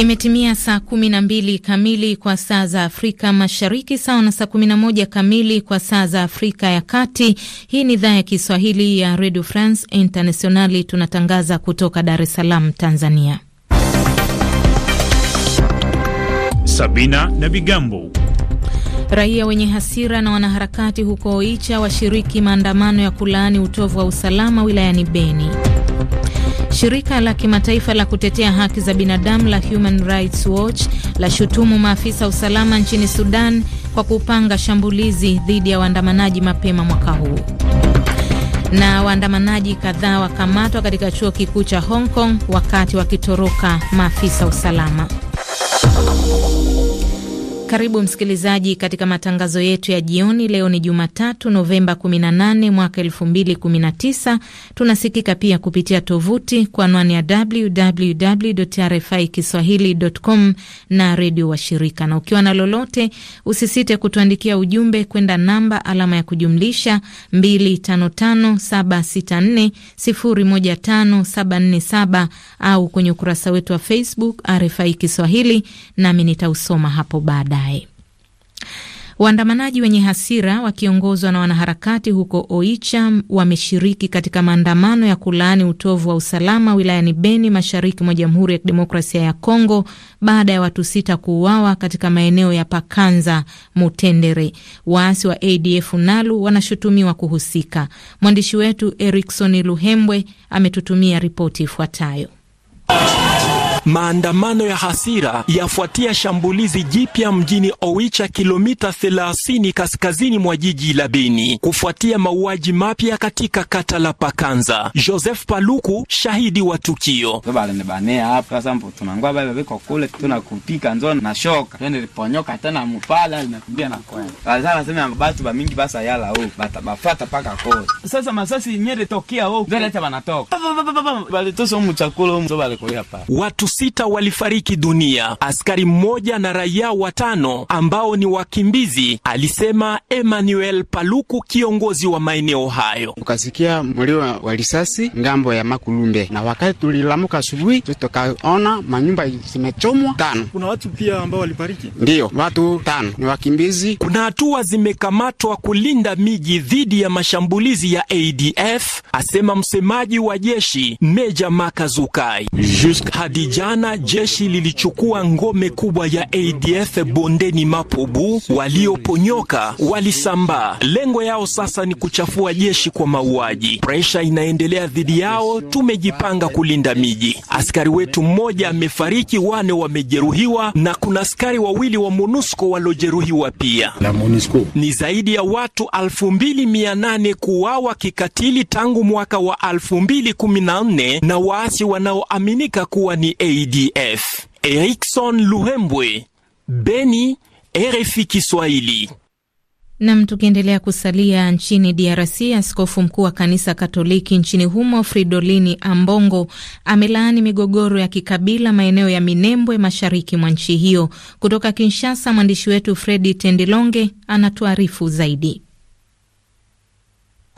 Imetimia saa kumi na mbili kamili kwa saa za Afrika Mashariki, sawa na saa kumi na moja kamili kwa saa za Afrika ya Kati. Hii ni idhaa ya Kiswahili ya Radio France Internationali, tunatangaza kutoka Dar es Salaam, Tanzania. Sabina na Vigambo. Raia wenye hasira na wanaharakati huko Oicha washiriki maandamano ya kulaani utovu wa usalama wilayani Beni. Shirika la kimataifa la kutetea haki za binadamu la Human Rights Watch lashutumu maafisa usalama nchini Sudan kwa kupanga shambulizi dhidi ya waandamanaji mapema mwaka huu. Na waandamanaji kadhaa wakamatwa katika chuo kikuu cha Hong Kong wakati wakitoroka maafisa usalama. Karibu msikilizaji katika matangazo yetu ya jioni. Leo ni Jumatatu, Novemba 18 mwaka 2019. Tunasikika pia kupitia tovuti kwa anwani ya www RFI kiswahili.com na redio washirika, na ukiwa na lolote usisite kutuandikia ujumbe kwenda namba alama ya kujumlisha 255764015747 au kwenye ukurasa wetu wa Facebook RFI Kiswahili, nami nitausoma hapo baada baadaye. Waandamanaji wenye hasira wakiongozwa na wanaharakati huko Oicha wameshiriki katika maandamano ya kulaani utovu wa usalama wilayani Beni, mashariki mwa Jamhuri ya Kidemokrasia ya Kongo baada ya watu sita kuuawa katika maeneo ya Pakanza, Mutendere. Waasi wa ADF NALU wanashutumiwa kuhusika. Mwandishi wetu Erikson Luhembwe ametutumia ripoti ifuatayo maandamano ya hasira yafuatia shambulizi jipya mjini owicha kilomita 30 kaskazini mwa jiji la Beni, kufuatia mauaji mapya katika kata la Pakanza. Joseph Paluku, shahidi wa tukio: watu sita walifariki dunia, askari mmoja na raia watano ambao ni wakimbizi, alisema Emmanuel Paluku, kiongozi wa maeneo hayo. Tukasikia mlio wa risasi ngambo ya Makulumbe, na wakati tulilamuka asubuhi tukaona manyumba zimechomwa tano. Kuna watu pia ambao walifariki, ndiyo watu tano ni wakimbizi. Kuna hatua zimekamatwa kulinda miji dhidi ya mashambulizi ya ADF, asema msemaji wa jeshi Meja Makazukai Just... hadija Jana jeshi lilichukua ngome kubwa ya ADF bondeni Mapobu. Walioponyoka walisambaa, lengo yao sasa ni kuchafua jeshi kwa mauaji. Presha inaendelea dhidi yao, tumejipanga kulinda miji. Askari wetu mmoja amefariki, wane wamejeruhiwa, na kuna askari wawili wa MONUSCO waliojeruhiwa pia. Ni zaidi ya watu 2800 kuuawa kikatili tangu mwaka wa 2014 na waasi wanaoaminika kuwa ni ADF. Erikson Luhembwe, Beni, RFI Kiswahili. Nam, tukiendelea kusalia nchini DRC, askofu mkuu wa kanisa Katoliki nchini humo Fridolini Ambongo amelaani migogoro ya kikabila maeneo ya Minembwe, mashariki mwa nchi hiyo. Kutoka Kinshasa, mwandishi wetu Fredi Tendilonge anatuarifu zaidi.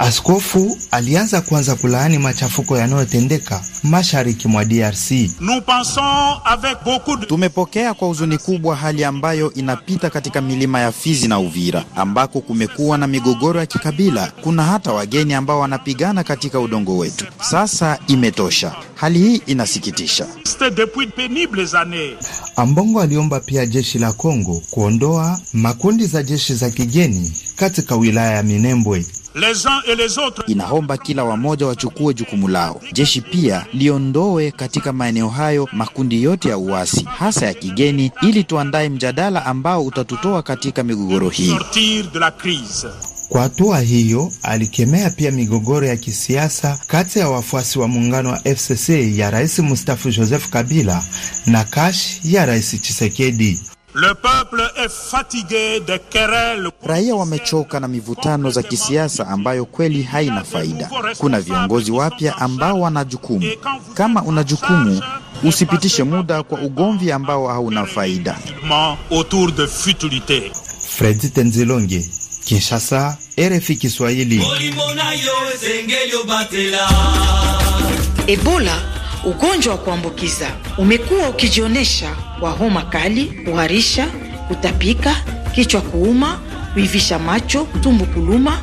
Askofu alianza kwanza kulaani machafuko yanayotendeka mashariki mwa DRC. Tumepokea kwa huzuni kubwa hali ambayo inapita katika milima ya Fizi na Uvira ambako kumekuwa na migogoro ya kikabila. Kuna hata wageni ambao wanapigana katika udongo wetu. Sasa imetosha. Hali hii inasikitisha. Ambongo aliomba pia jeshi la Kongo kuondoa makundi za jeshi za kigeni katika wilaya ya Minembwe. Inaomba kila wamoja wachukue jukumu lao. Jeshi pia liondoe katika maeneo hayo makundi yote ya uasi, hasa ya kigeni, ili tuandae mjadala ambao utatutoa katika migogoro hii. Kwa hatua hiyo alikemea pia migogoro ya kisiasa kati ya wafuasi wa muungano wa FCC ya Rais mustafu Joseph Kabila na Kash ya Rais chisekedi Le peuple est fatigué de querelles. Raia wamechoka na mivutano za kisiasa ambayo kweli haina faida. Kuna viongozi wapya ambao wana jukumu. Kama una jukumu, usipitishe muda kwa ugomvi ambao hauna faida. Autour de futilité. Fredy Tenzilonge, Kinshasa, RFI Kiswahili. Ebola Ugonjwa wa kuambukiza umekuwa ukijionyesha kwa homa kali, kuharisha, kutapika, kichwa kuuma, kuivisha macho, tumbo kuluma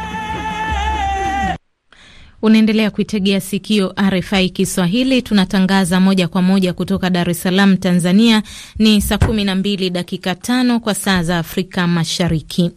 Unaendelea kuitegea sikio RFI Kiswahili, tunatangaza moja kwa moja kutoka Dar es Salaam, Tanzania. Ni saa kumi na mbili dakika tano kwa saa za Afrika Mashariki.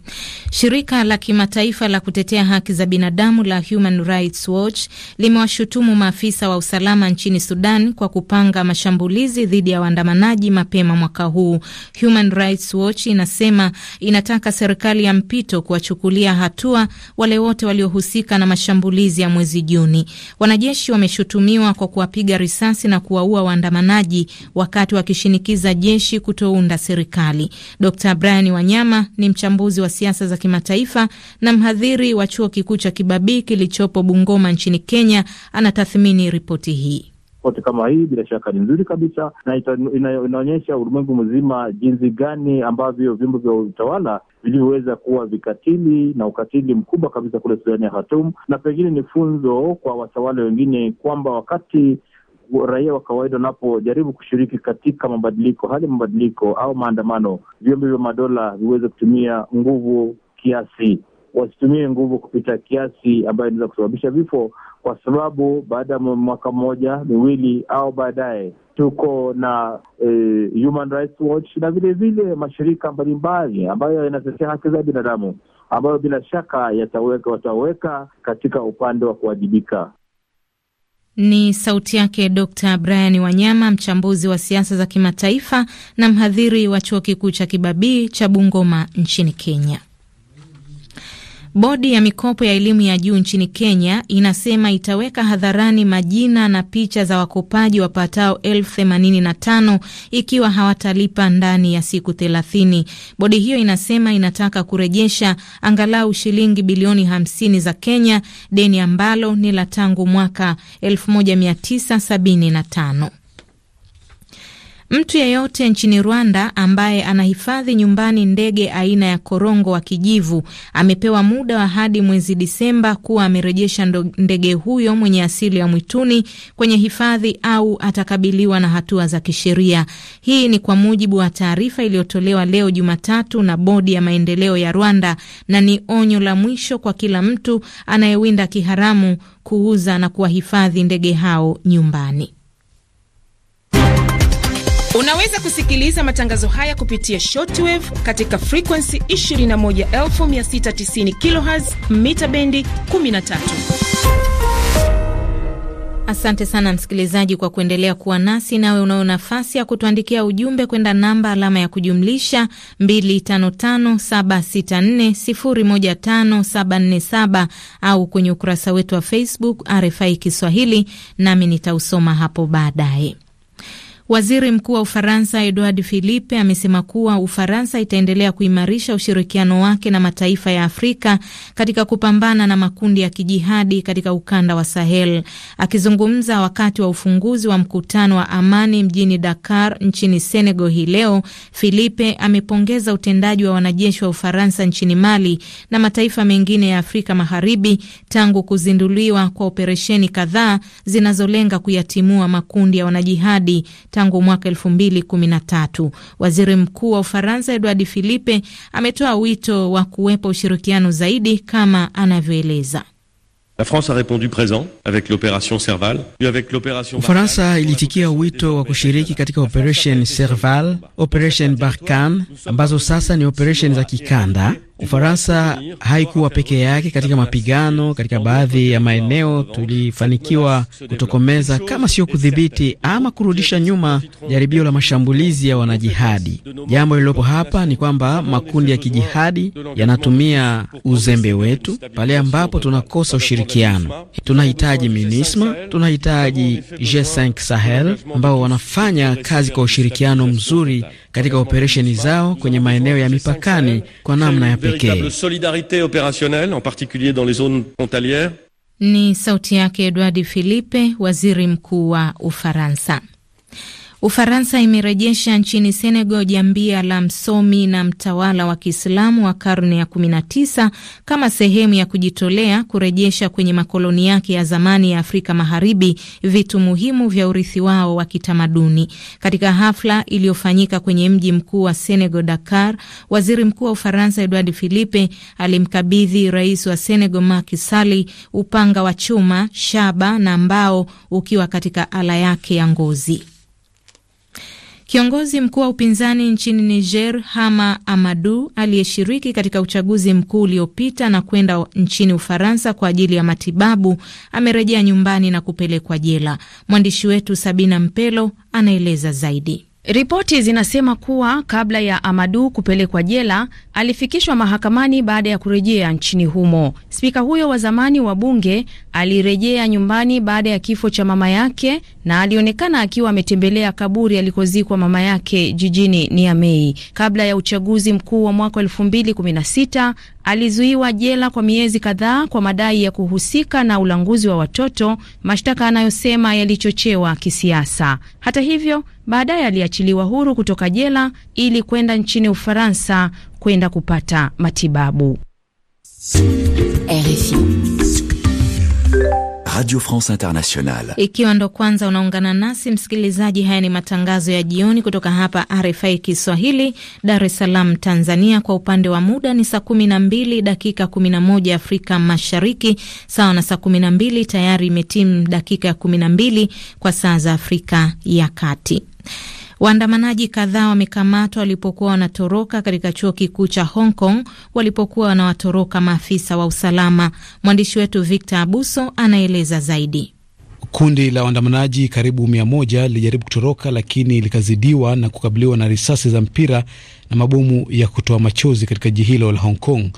Shirika la kimataifa la kutetea haki za binadamu la Human Rights Watch limewashutumu maafisa wa usalama nchini Sudan kwa kupanga mashambulizi dhidi ya waandamanaji mapema mwaka huu. Human Rights Watch inasema inataka serikali ya mpito kuwachukulia hatua wale wote waliohusika na mashambulizi ya mwezi mwezi Juni. Wanajeshi wameshutumiwa kwa kuwapiga risasi na kuwaua waandamanaji wakati wakishinikiza jeshi kutounda serikali. Dr Brian Wanyama ni mchambuzi wa siasa za kimataifa na mhadhiri wa chuo kikuu cha Kibabii kilichopo Bungoma nchini Kenya. Anatathmini ripoti hii ripoti kama hii bila shaka ni nzuri kabisa na inaonyesha ulimwengu mzima jinsi gani ambavyo vyombo vya utawala vilivyoweza kuwa vikatili na ukatili mkubwa kabisa kule Sudani ya Khartoum, na pengine ni funzo kwa watawala wengine kwamba wakati raia wa kawaida wanapojaribu kushiriki katika mabadiliko, hali ya mabadiliko au maandamano, vyombo vya madola viweze kutumia nguvu kiasi wasitumie nguvu kupita kiasi ambayo inaweza kusababisha vifo, kwa sababu baada ya mwaka mmoja miwili au baadaye tuko na eh, Human Rights Watch na vilevile mashirika mbalimbali ambayo yanatetea haki za binadamu ambayo bila shaka yataweka wataweka katika upande wa kuwajibika. Ni sauti yake Dr Brian Wanyama, mchambuzi wa siasa za kimataifa na mhadhiri wa chuo kikuu cha Kibabii cha Bungoma nchini Kenya. Bodi ya mikopo ya elimu ya juu nchini Kenya inasema itaweka hadharani majina na picha za wakopaji wapatao elfu themanini na tano ikiwa hawatalipa ndani ya siku thelathini. Bodi hiyo inasema inataka kurejesha angalau shilingi bilioni hamsini za Kenya, deni ambalo ni la tangu mwaka elfu moja mia tisa sabini na tano. Mtu yeyote nchini Rwanda ambaye anahifadhi nyumbani ndege aina ya korongo wa kijivu amepewa muda wa hadi mwezi Disemba kuwa amerejesha ndege huyo mwenye asili ya mwituni kwenye hifadhi au atakabiliwa na hatua za kisheria. Hii ni kwa mujibu wa taarifa iliyotolewa leo Jumatatu na Bodi ya Maendeleo ya Rwanda na ni onyo la mwisho kwa kila mtu anayewinda kiharamu kuuza na kuwahifadhi ndege hao nyumbani. Unaweza kusikiliza matangazo haya kupitia shortwave katika frekuensi 21690 kHz mita bendi 13. Asante sana msikilizaji kwa kuendelea kuwa nasi. Nawe unayo nafasi ya kutuandikia ujumbe kwenda namba alama ya kujumlisha 255764015747 au kwenye ukurasa wetu wa Facebook RFI Kiswahili, nami nitausoma hapo baadaye. Waziri Mkuu wa Ufaransa Edouard Philippe amesema kuwa Ufaransa itaendelea kuimarisha ushirikiano wake na mataifa ya Afrika katika kupambana na makundi ya kijihadi katika ukanda wa Sahel. Akizungumza wakati wa ufunguzi wa mkutano wa amani mjini Dakar nchini Senegal hii leo, Philippe amepongeza utendaji wa wanajeshi wa Ufaransa nchini Mali na mataifa mengine ya Afrika Magharibi tangu kuzinduliwa kwa operesheni kadhaa zinazolenga kuyatimua makundi ya wanajihadi tangu mwaka elfu mbili kumi na tatu. Waziri Mkuu wa Ufaransa Edward Philippe ametoa wito wa kuwepo ushirikiano zaidi kama anavyoeleza. La France a répondu présent avec l'opération Serval. Avec l'opération Ufaransa ilitikia wito wa kushiriki katika operation Serval, operation Barkan ambazo sasa ni operation za kikanda Ufaransa haikuwa peke yake katika mapigano. Katika baadhi ya maeneo tulifanikiwa kutokomeza, kama sio kudhibiti ama kurudisha nyuma, jaribio la mashambulizi ya wanajihadi. Jambo lililopo hapa ni kwamba makundi ya kijihadi yanatumia uzembe wetu pale ambapo tunakosa ushirikiano. Tunahitaji MINISMA, tunahitaji G5 Sahel ambao wanafanya kazi kwa ushirikiano mzuri katika operesheni zao kwenye maeneo ya mipakani kwa namna ya pekee. Ni sauti yake edwardi Philippe, waziri mkuu wa Ufaransa. Ufaransa imerejesha nchini Senegal jambia la msomi na mtawala wa Kiislamu wa karne ya 19 kama sehemu ya kujitolea kurejesha kwenye makoloni yake ya zamani ya Afrika Magharibi vitu muhimu vya urithi wao wa kitamaduni. Katika hafla iliyofanyika kwenye mji mkuu wa Senegal, Dakar, waziri mkuu wa Ufaransa edward Philippe alimkabidhi rais wa Senegal Macky Sall upanga wa chuma, shaba na mbao ukiwa katika ala yake ya ngozi. Kiongozi mkuu wa upinzani nchini Niger, Hama Amadu, aliyeshiriki katika uchaguzi mkuu uliopita na kwenda nchini Ufaransa kwa ajili ya matibabu, amerejea nyumbani na kupelekwa jela. Mwandishi wetu Sabina Mpelo anaeleza zaidi. Ripoti zinasema kuwa kabla ya Amadu kupelekwa jela alifikishwa mahakamani baada ya kurejea nchini humo. Spika huyo wa zamani wa bunge alirejea nyumbani baada ya kifo cha mama yake na alionekana akiwa ametembelea kaburi alikozikwa mama yake jijini Niamey. Kabla ya uchaguzi mkuu wa mwaka alizuiwa jela kwa miezi kadhaa kwa madai ya kuhusika na ulanguzi wa watoto, mashtaka anayosema yalichochewa kisiasa. Hata hivyo, baadaye aliachiliwa huru kutoka jela ili kwenda nchini Ufaransa kwenda kupata matibabu RFI. Radio France Internationale. Ikiwa ndo kwanza unaungana nasi msikilizaji, haya ni matangazo ya jioni kutoka hapa RFI Kiswahili, Dar es Salaam, Tanzania. Kwa upande wa muda ni saa 12 dakika 11 Afrika Mashariki, sawa na saa 12 tayari imetimu dakika ya 12 kwa saa za Afrika ya Kati. Waandamanaji kadhaa wamekamatwa walipokuwa wanatoroka katika chuo kikuu cha Hong Kong walipokuwa wanawatoroka maafisa wa usalama. Mwandishi wetu Victor Abuso anaeleza zaidi. Kundi la waandamanaji karibu mia moja lilijaribu kutoroka lakini likazidiwa na kukabiliwa na risasi za mpira na mabomu ya kutoa machozi katika jiji hilo la Hong Kong.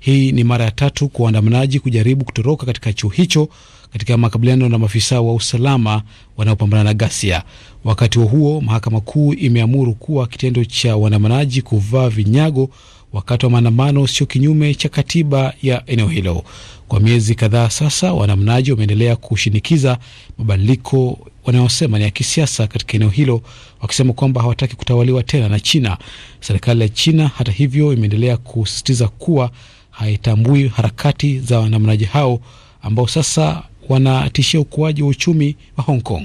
Hii ni mara ya tatu kwa waandamanaji kujaribu kutoroka katika chuo hicho katika makabiliano na maafisa wa usalama wanaopambana na ghasia. Wakati wa huo, mahakama kuu imeamuru kuwa kitendo cha waandamanaji kuvaa vinyago wakati wa maandamano sio kinyume cha katiba ya eneo hilo. Kwa miezi kadhaa sasa, waandamanaji wameendelea kushinikiza mabadiliko wanayosema ni ya kisiasa katika eneo hilo, wakisema kwamba hawataki kutawaliwa tena na China. Serikali ya China, hata hivyo, imeendelea kusisitiza kuwa haitambui harakati za waandamanaji hao ambao sasa wanatishia ukuaji wa uchumi wa Hong Kong.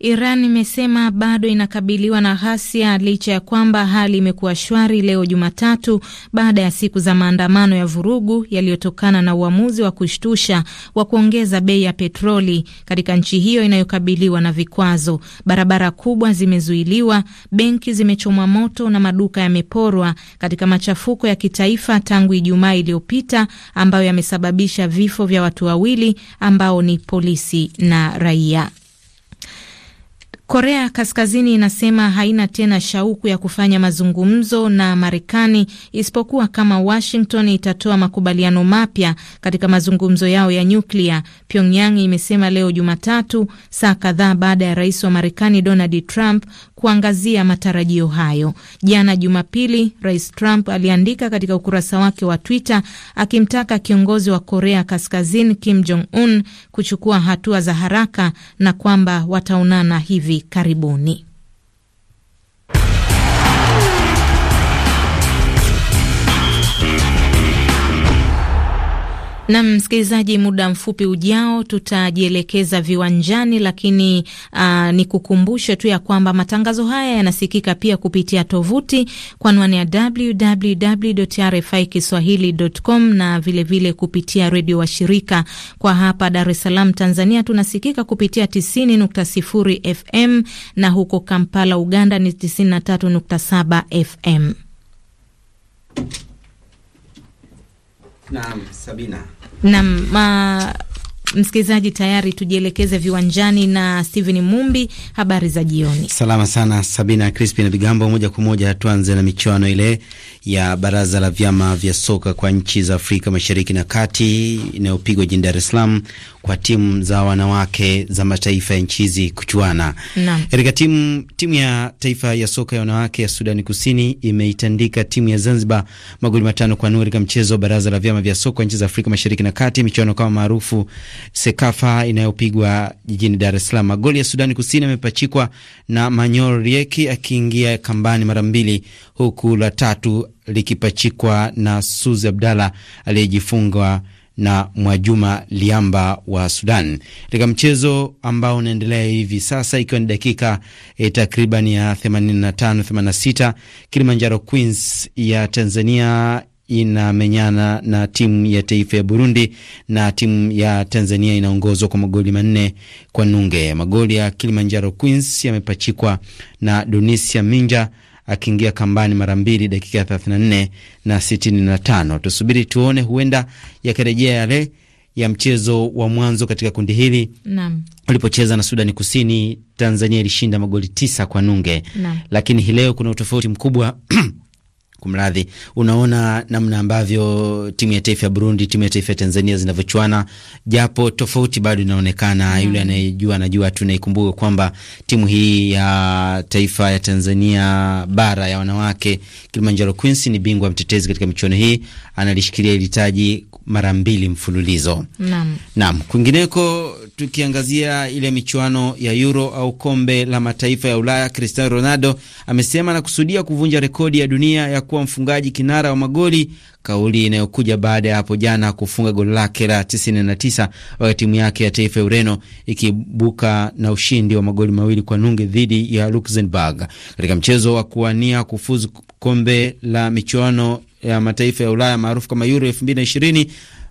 Iran imesema bado inakabiliwa na ghasia licha ya kwamba hali imekuwa shwari leo Jumatatu baada ya siku za maandamano ya vurugu yaliyotokana na uamuzi wa kushtusha wa kuongeza bei ya petroli katika nchi hiyo inayokabiliwa na vikwazo. Barabara kubwa zimezuiliwa, benki zimechomwa moto na maduka yameporwa katika machafuko ya kitaifa tangu Ijumaa iliyopita ambayo yamesababisha vifo vya watu wawili ambao ni polisi na raia. Korea Kaskazini inasema haina tena shauku ya kufanya mazungumzo na Marekani isipokuwa kama Washington itatoa makubaliano mapya katika mazungumzo yao ya nyuklia, Pyongyang imesema leo Jumatatu, saa kadhaa baada ya rais wa Marekani Donald Trump kuangazia matarajio hayo. Jana Jumapili, Rais Trump aliandika katika ukurasa wake wa Twitter akimtaka kiongozi wa Korea Kaskazini Kim Jong Un kuchukua hatua za haraka na kwamba wataonana hivi karibuni. Na msikilizaji, muda mfupi ujao tutajielekeza viwanjani, lakini uh, ah, ni kukumbushe tu ya kwamba matangazo haya yanasikika pia kupitia tovuti kwa anwani ya www.rfikiswahili.com na vilevile vile kupitia redio washirika. Kwa hapa Dar es Salaam Tanzania tunasikika kupitia 90.0 FM na huko Kampala Uganda ni 93.7 FM. Naam, Sabina. Naam, msikilizaji, tayari tujielekeze viwanjani na Steven Mumbi. Habari za jioni. Salama sana Sabina Crispin na Bigambo. Moja kwa moja tuanze na michuano ile ya baraza la vyama vya soka kwa nchi za Afrika Mashariki na Kati inayopigwa jijini Dar es Salaam kwa timu za wanawake za mataifa ya nchi hizi kuchuana. Katika timu, timu ya taifa ya soka ya wanawake ya Sudani Kusini imeitandika timu ya Zanzibar magoli matano kwa nuru katika mchezo wa baraza la vyama vya soka nchi za Afrika Mashariki na Kati, michuano kama maarufu Sekafa inayopigwa jijini Dar es Salaam. Magoli ya Sudani Kusini yamepachikwa na Manyor Rieki akiingia kambani mara mbili huku la tatu likipachikwa na Suzi Abdalla aliyejifungwa na Mwajuma Liamba wa Sudan katika mchezo ambao unaendelea hivi sasa, ikiwa ni dakika e, takriban ya 85 86, Kilimanjaro Queens ya Tanzania inamenyana na timu ya taifa ya Burundi na timu ya Tanzania inaongozwa kwa magoli manne kwa nunge. Magoli ya Kilimanjaro Queens yamepachikwa na Donisia Minja akiingia kambani mara mbili dakika ya 34 na 65. Tusubiri tuone, huenda yakarejea yale ya mchezo wa mwanzo katika kundi hili ulipocheza na Sudani Kusini. Tanzania ilishinda magoli tisa kwa nunge Nam. Lakini hii leo kuna utofauti mkubwa Kumradhi, unaona namna ambavyo timu ya taifa ya Burundi, timu ya taifa ya Tanzania zinavyochuana, japo tofauti bado inaonekana. Hmm. Yule anayejua anajua tu, naikumbuke kwamba timu hii ya taifa ya Tanzania bara ya wanawake Kilimanjaro Queens ni bingwa mtetezi katika michuano hii, analishikilia ilitaji mara mbili mfululizo. Naam. Naam, kwingineko tukiangazia ile michuano ya Euro au kombe la mataifa ya Ulaya, Cristiano Ronaldo amesema anakusudia kuvunja rekodi ya dunia ya kuwa mfungaji kinara wa magoli, kauli inayokuja baada ya hapo jana kufunga goli lake la 99 wakati timu yake ya taifa ya Ureno ikibuka na ushindi wa magoli mawili kwa nunge dhidi ya Luxembourg katika mchezo wa kuwania kufuzu kombe la michuano ya mataifa ya Ulaya maarufu kama Euro 2020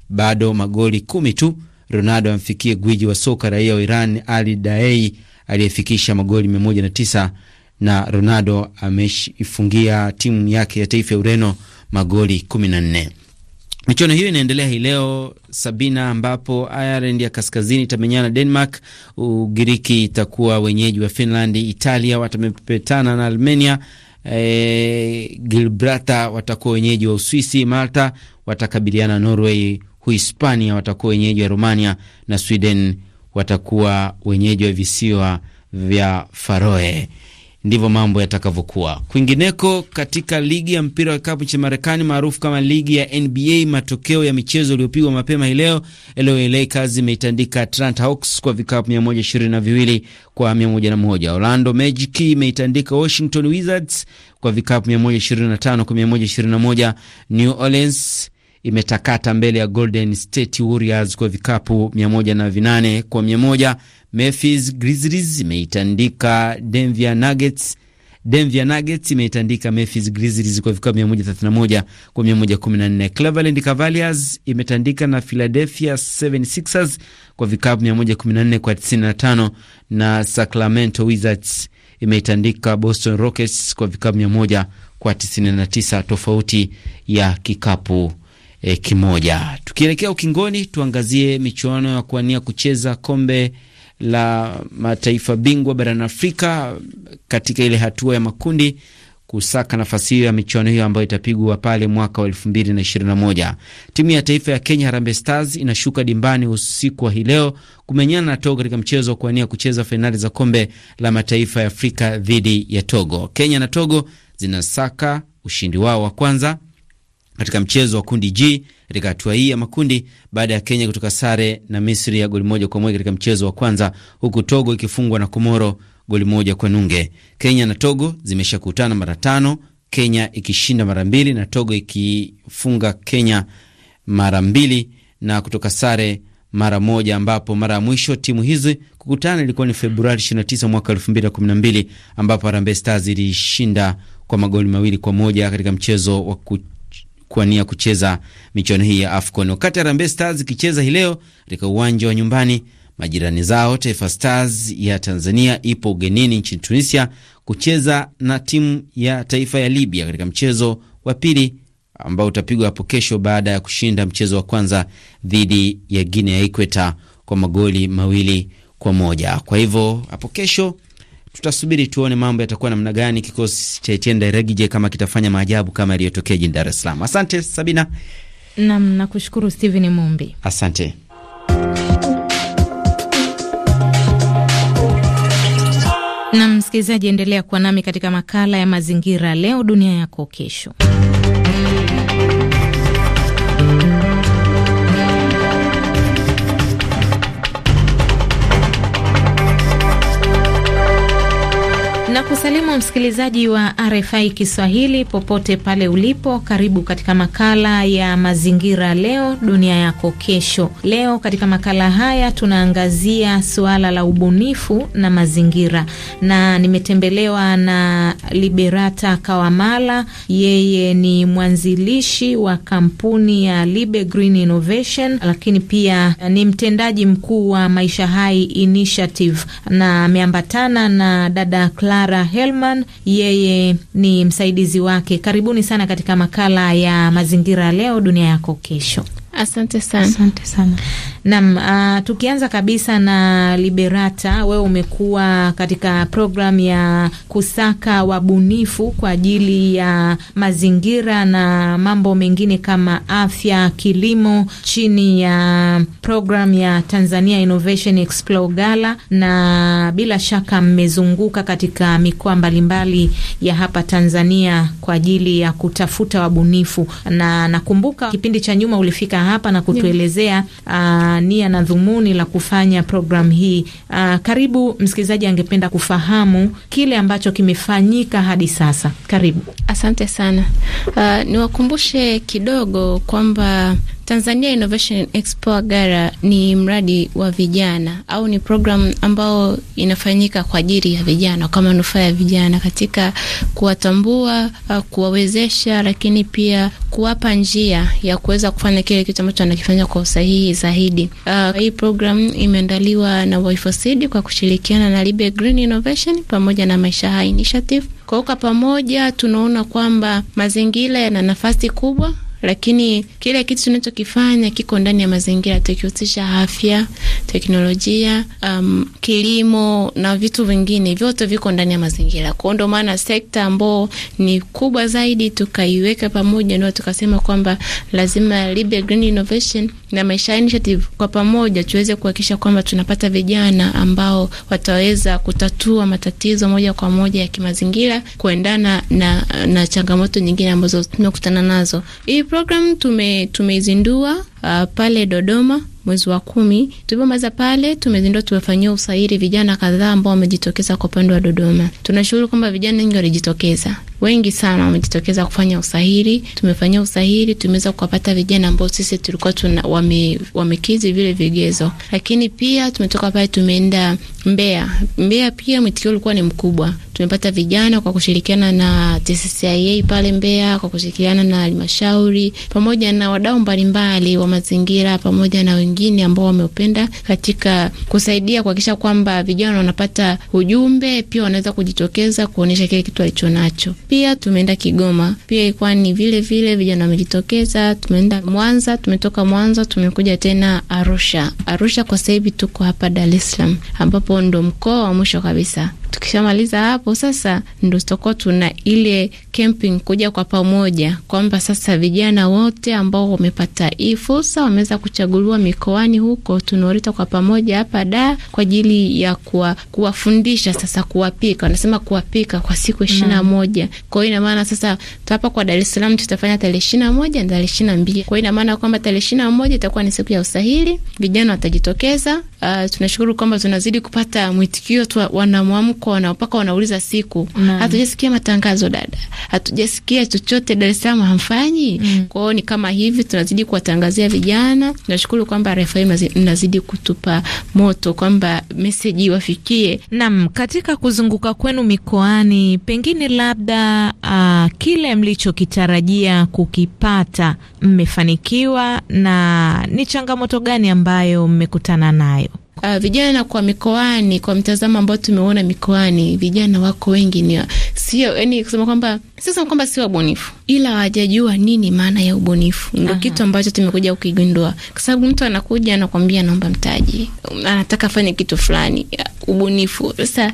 bado magoli kumi tu Ronaldo amfikie gwiji wa soka raia wa Iran Ali Daei aliyefikisha magoli 109 na Ronaldo ameifungia timu yake ya taifa ya Ureno magoli 14. Michuano hiyo inaendelea hii leo Sabina, ambapo Ireland ya kaskazini itamenyana na Denmark, Ugiriki itakuwa wenyeji wa Finland, Italia watamepetana na Armenia, e, Gibraltar watakuwa wenyeji wa Uswisi, Malta watakabiliana Norway, Hispania watakuwa wenyeji wa Romania na Sweden watakuwa wenyeji wa visiwa vya Faroe ndivyo mambo yatakavyokuwa. Kwingineko, katika ligi ya mpira wa kikapu cha Marekani maarufu kama ligi ya NBA, matokeo ya michezo iliyopigwa mapema hii leo, LA Lakers imeitandika Atlanta Hawks kwa vikapu 122 kwa 101. Orlando Magic imeitandika Washington Wizards kwa vikapu 125 kwa 121. New Orleans imetakata mbele ya Golden State Warriors kwa vikapu 108 kwa 100. Memphis Grizzlies imeitandika Denver Nuggets. Denver Nuggets imeitandika Memphis Grizzlies kwa vikao 131 kwa 114. Cleveland Cavaliers imetandika na Philadelphia 76ers kwa vikao 114 kwa 95 na Sacramento Wizards imeitandika Boston Rockets kwa vikao 100 kwa 99, tofauti ya kikapu eh, kimoja. Tukielekea ukingoni, tuangazie michuano ya kuania kucheza kombe la mataifa bingwa barani Afrika katika ile hatua ya makundi kusaka nafasi hiyo ya michuano hiyo ambayo itapigwa pale mwaka wa moja. Timu ya taifa ya Kenya Harambee Stars inashuka dimbani usiku wa hii leo kumenyana na Togo katika mchezo wa kuania kucheza fainali za kombe la mataifa ya Afrika dhidi ya Togo. Kenya na Togo zinasaka ushindi wao wa kwanza katika mchezo wa kundi G katika hatua hii ya makundi baada ya Kenya kutoka sare na Misri ya goli moja kwa moja katika mchezo wa kwanza, huku Togo ikifungwa na Komoro goli moja kwa nunge. Kenya na Togo zimeshakutana mara tano, Kenya ikishinda mara mbili na Togo ikifunga Kenya mara mbili na kutoka sare mara moja, ambapo mara ya mwisho timu hizi kukutana ilikuwa ni Februari 29 mwaka 2012 ambapo Harambee Stars ilishinda kwa magoli mawili kwa moja katika mchezo wa kuwania kucheza michuano hii ya AFCON. Wakati Harambee Stars ikicheza hii leo katika uwanja wa nyumbani majirani zao Taifa Stars ya Tanzania ipo ugenini nchini Tunisia kucheza na timu ya taifa ya Libya katika mchezo wa pili ambao utapigwa hapo kesho baada ya kushinda mchezo wa kwanza dhidi ya Guinea ya Ikweta kwa magoli mawili kwa moja. Kwa hivyo hapo kesho tutasubiri tuone mambo yatakuwa namna gani, kikosi cha Etienne Ndayiragije kama kitafanya maajabu kama yaliyotokea jijini Dar es Salaam. Asante Sabina. Nam, nakushukuru Steven Mumbi, asante. Na msikilizaji, endelea kuwa nami katika makala ya mazingira, leo dunia yako kesho. kusalimu msikilizaji wa RFI Kiswahili popote pale ulipo, karibu katika makala ya mazingira leo dunia yako kesho. Leo katika makala haya tunaangazia suala la ubunifu na mazingira, na nimetembelewa na Liberata Kawamala. Yeye ni mwanzilishi wa kampuni ya Libe Green Innovation, lakini pia ni mtendaji mkuu wa Maisha Hai Initiative na ameambatana na dada Clara Debora Helman, yeye ni msaidizi wake. Karibuni sana katika makala ya mazingira leo, dunia yako kesho. Asante sana, asante sana. Naam, uh, tukianza kabisa na Liberata, wewe umekuwa katika programu ya kusaka wabunifu kwa ajili ya mazingira na mambo mengine kama afya, kilimo chini ya programu ya Tanzania Innovation Explore Gala, na bila shaka mmezunguka katika mikoa mbalimbali ya hapa Tanzania kwa ajili ya kutafuta wabunifu, na nakumbuka kipindi cha nyuma ulifika hapa na kutuelezea uh, nia na dhumuni la kufanya programu hii. Uh, karibu msikilizaji angependa kufahamu kile ambacho kimefanyika hadi sasa. Karibu. Asante sana. Uh, niwakumbushe kidogo kwamba Tanzania Innovation Expo Agara ni mradi wa vijana au ni program ambao inafanyika kwa ajili ya vijana kwa manufaa ya vijana katika kuwatambua, uh, kuwawezesha, lakini pia kuwapa njia ya kuweza kufanya kile kitu ambacho anakifanya kwa usahihi zaidi. Uh, hii program imeandaliwa na Wifosid kwa kushirikiana na Libe Green Innovation pamoja na Maisha Hai Initiative. Kwa pamoja tunaona kwamba mazingira yana nafasi kubwa lakini kile kitu tunachokifanya kiko ndani ya mazingira, tukihusisha afya, teknolojia, um, kilimo na vitu vingine vyote viko ndani ya mazingira. Kwao ndo maana sekta ambao ni kubwa zaidi tukaiweka pamoja, ndio tukasema kwamba lazima Libe Green Innovation na Maisha Initiative kwa pamoja tuweze kuhakikisha kwamba tunapata vijana ambao wataweza kutatua matatizo moja kwa moja ya kimazingira kuendana na, na changamoto nyingine ambazo tumekutana nazo Ipo program tume, tumeizindua uh, pale Dodoma mwezi wa kumi. Tulipomaliza pale, tumezindua tumefanyia usairi vijana kadhaa ambao wamejitokeza kwa upande wa Dodoma. Tunashukuru kwamba vijana wengi walijitokeza wengi sana wamejitokeza kufanya usahiri. Tumefanyia usahiri, tumeweza kuwapata vijana ambao sisi tulikuwa tuna wame, wamekizi vile vigezo, lakini pia tumetoka pale tumeenda Mbeya. Mbeya pia mwitikio ulikuwa ni mkubwa. Tumepata vijana kwa kushirikiana na TCCIA pale Mbeya, kwa kushirikiana na halmashauri pamoja na wadau mbalimbali wa mazingira pamoja na wengine ambao wameupenda katika kusaidia kuhakikisha kwamba vijana wanapata ujumbe, pia wanaweza kujitokeza kuonyesha kile kitu alichonacho pia tumeenda Kigoma, pia ilikuwa ni vile vile, vijana wamejitokeza. Tumeenda Mwanza, tumetoka Mwanza tumekuja tena Arusha. Arusha kwa sasa hivi tuko hapa Dar es Salaam, ambapo ndo mkoa wa mwisho kabisa. Tukishamaliza hapo sasa, ndo tutakuwa tuna ile camping kuja kwa pamoja, kwamba sasa vijana wote ambao wamepata hii fursa wameweza kuchaguliwa mikoani huko, tunaorita kwa pamoja hapa da kwa ajili ya kuwa, kuwafundisha sasa kuwapika, wanasema kuwapika kwa siku mm. ishirini na moja. Kwa hiyo inamaana sasa hapa kwa Dar es Salaam tutafanya tarehe ishirini na moja na tarehe ishirini na mbili. Kwa hiyo inamaana kwamba tarehe ishirini na moja itakuwa ni siku ya usahili, vijana watajitokeza. Uh, tunashukuru kwamba tunazidi kupata mwitikio tu wanamwamko wanaamka wana mpaka wanauliza siku, hatujasikia matangazo dada, hatujasikia chochote, Dar es Salaam hamfanyi. Mm. ni kama hivi, tunazidi kuwatangazia vijana. Tunashukuru kwamba RFI mnazidi kutupa moto kwamba meseji Naam, katika kuzunguka kwenu mikoani, pengine labda uh, kile mlichokitarajia kukipata mmefanikiwa, na ni changamoto gani ambayo mmekutana nayo? uh, vijana kwa mikoani, kwa mtazamo ambao tumeona mikoani, vijana wako wengi ni sio, yani kusema kwamba sio kwamba si wabunifu ila hawajajua nini maana ya ubunifu. Ndo kitu ambacho tumekuja kukigundua, kwa sababu mtu anakuja anakwambia, naomba mtaji, anataka fanye kitu fulani, ubunifu. Sasa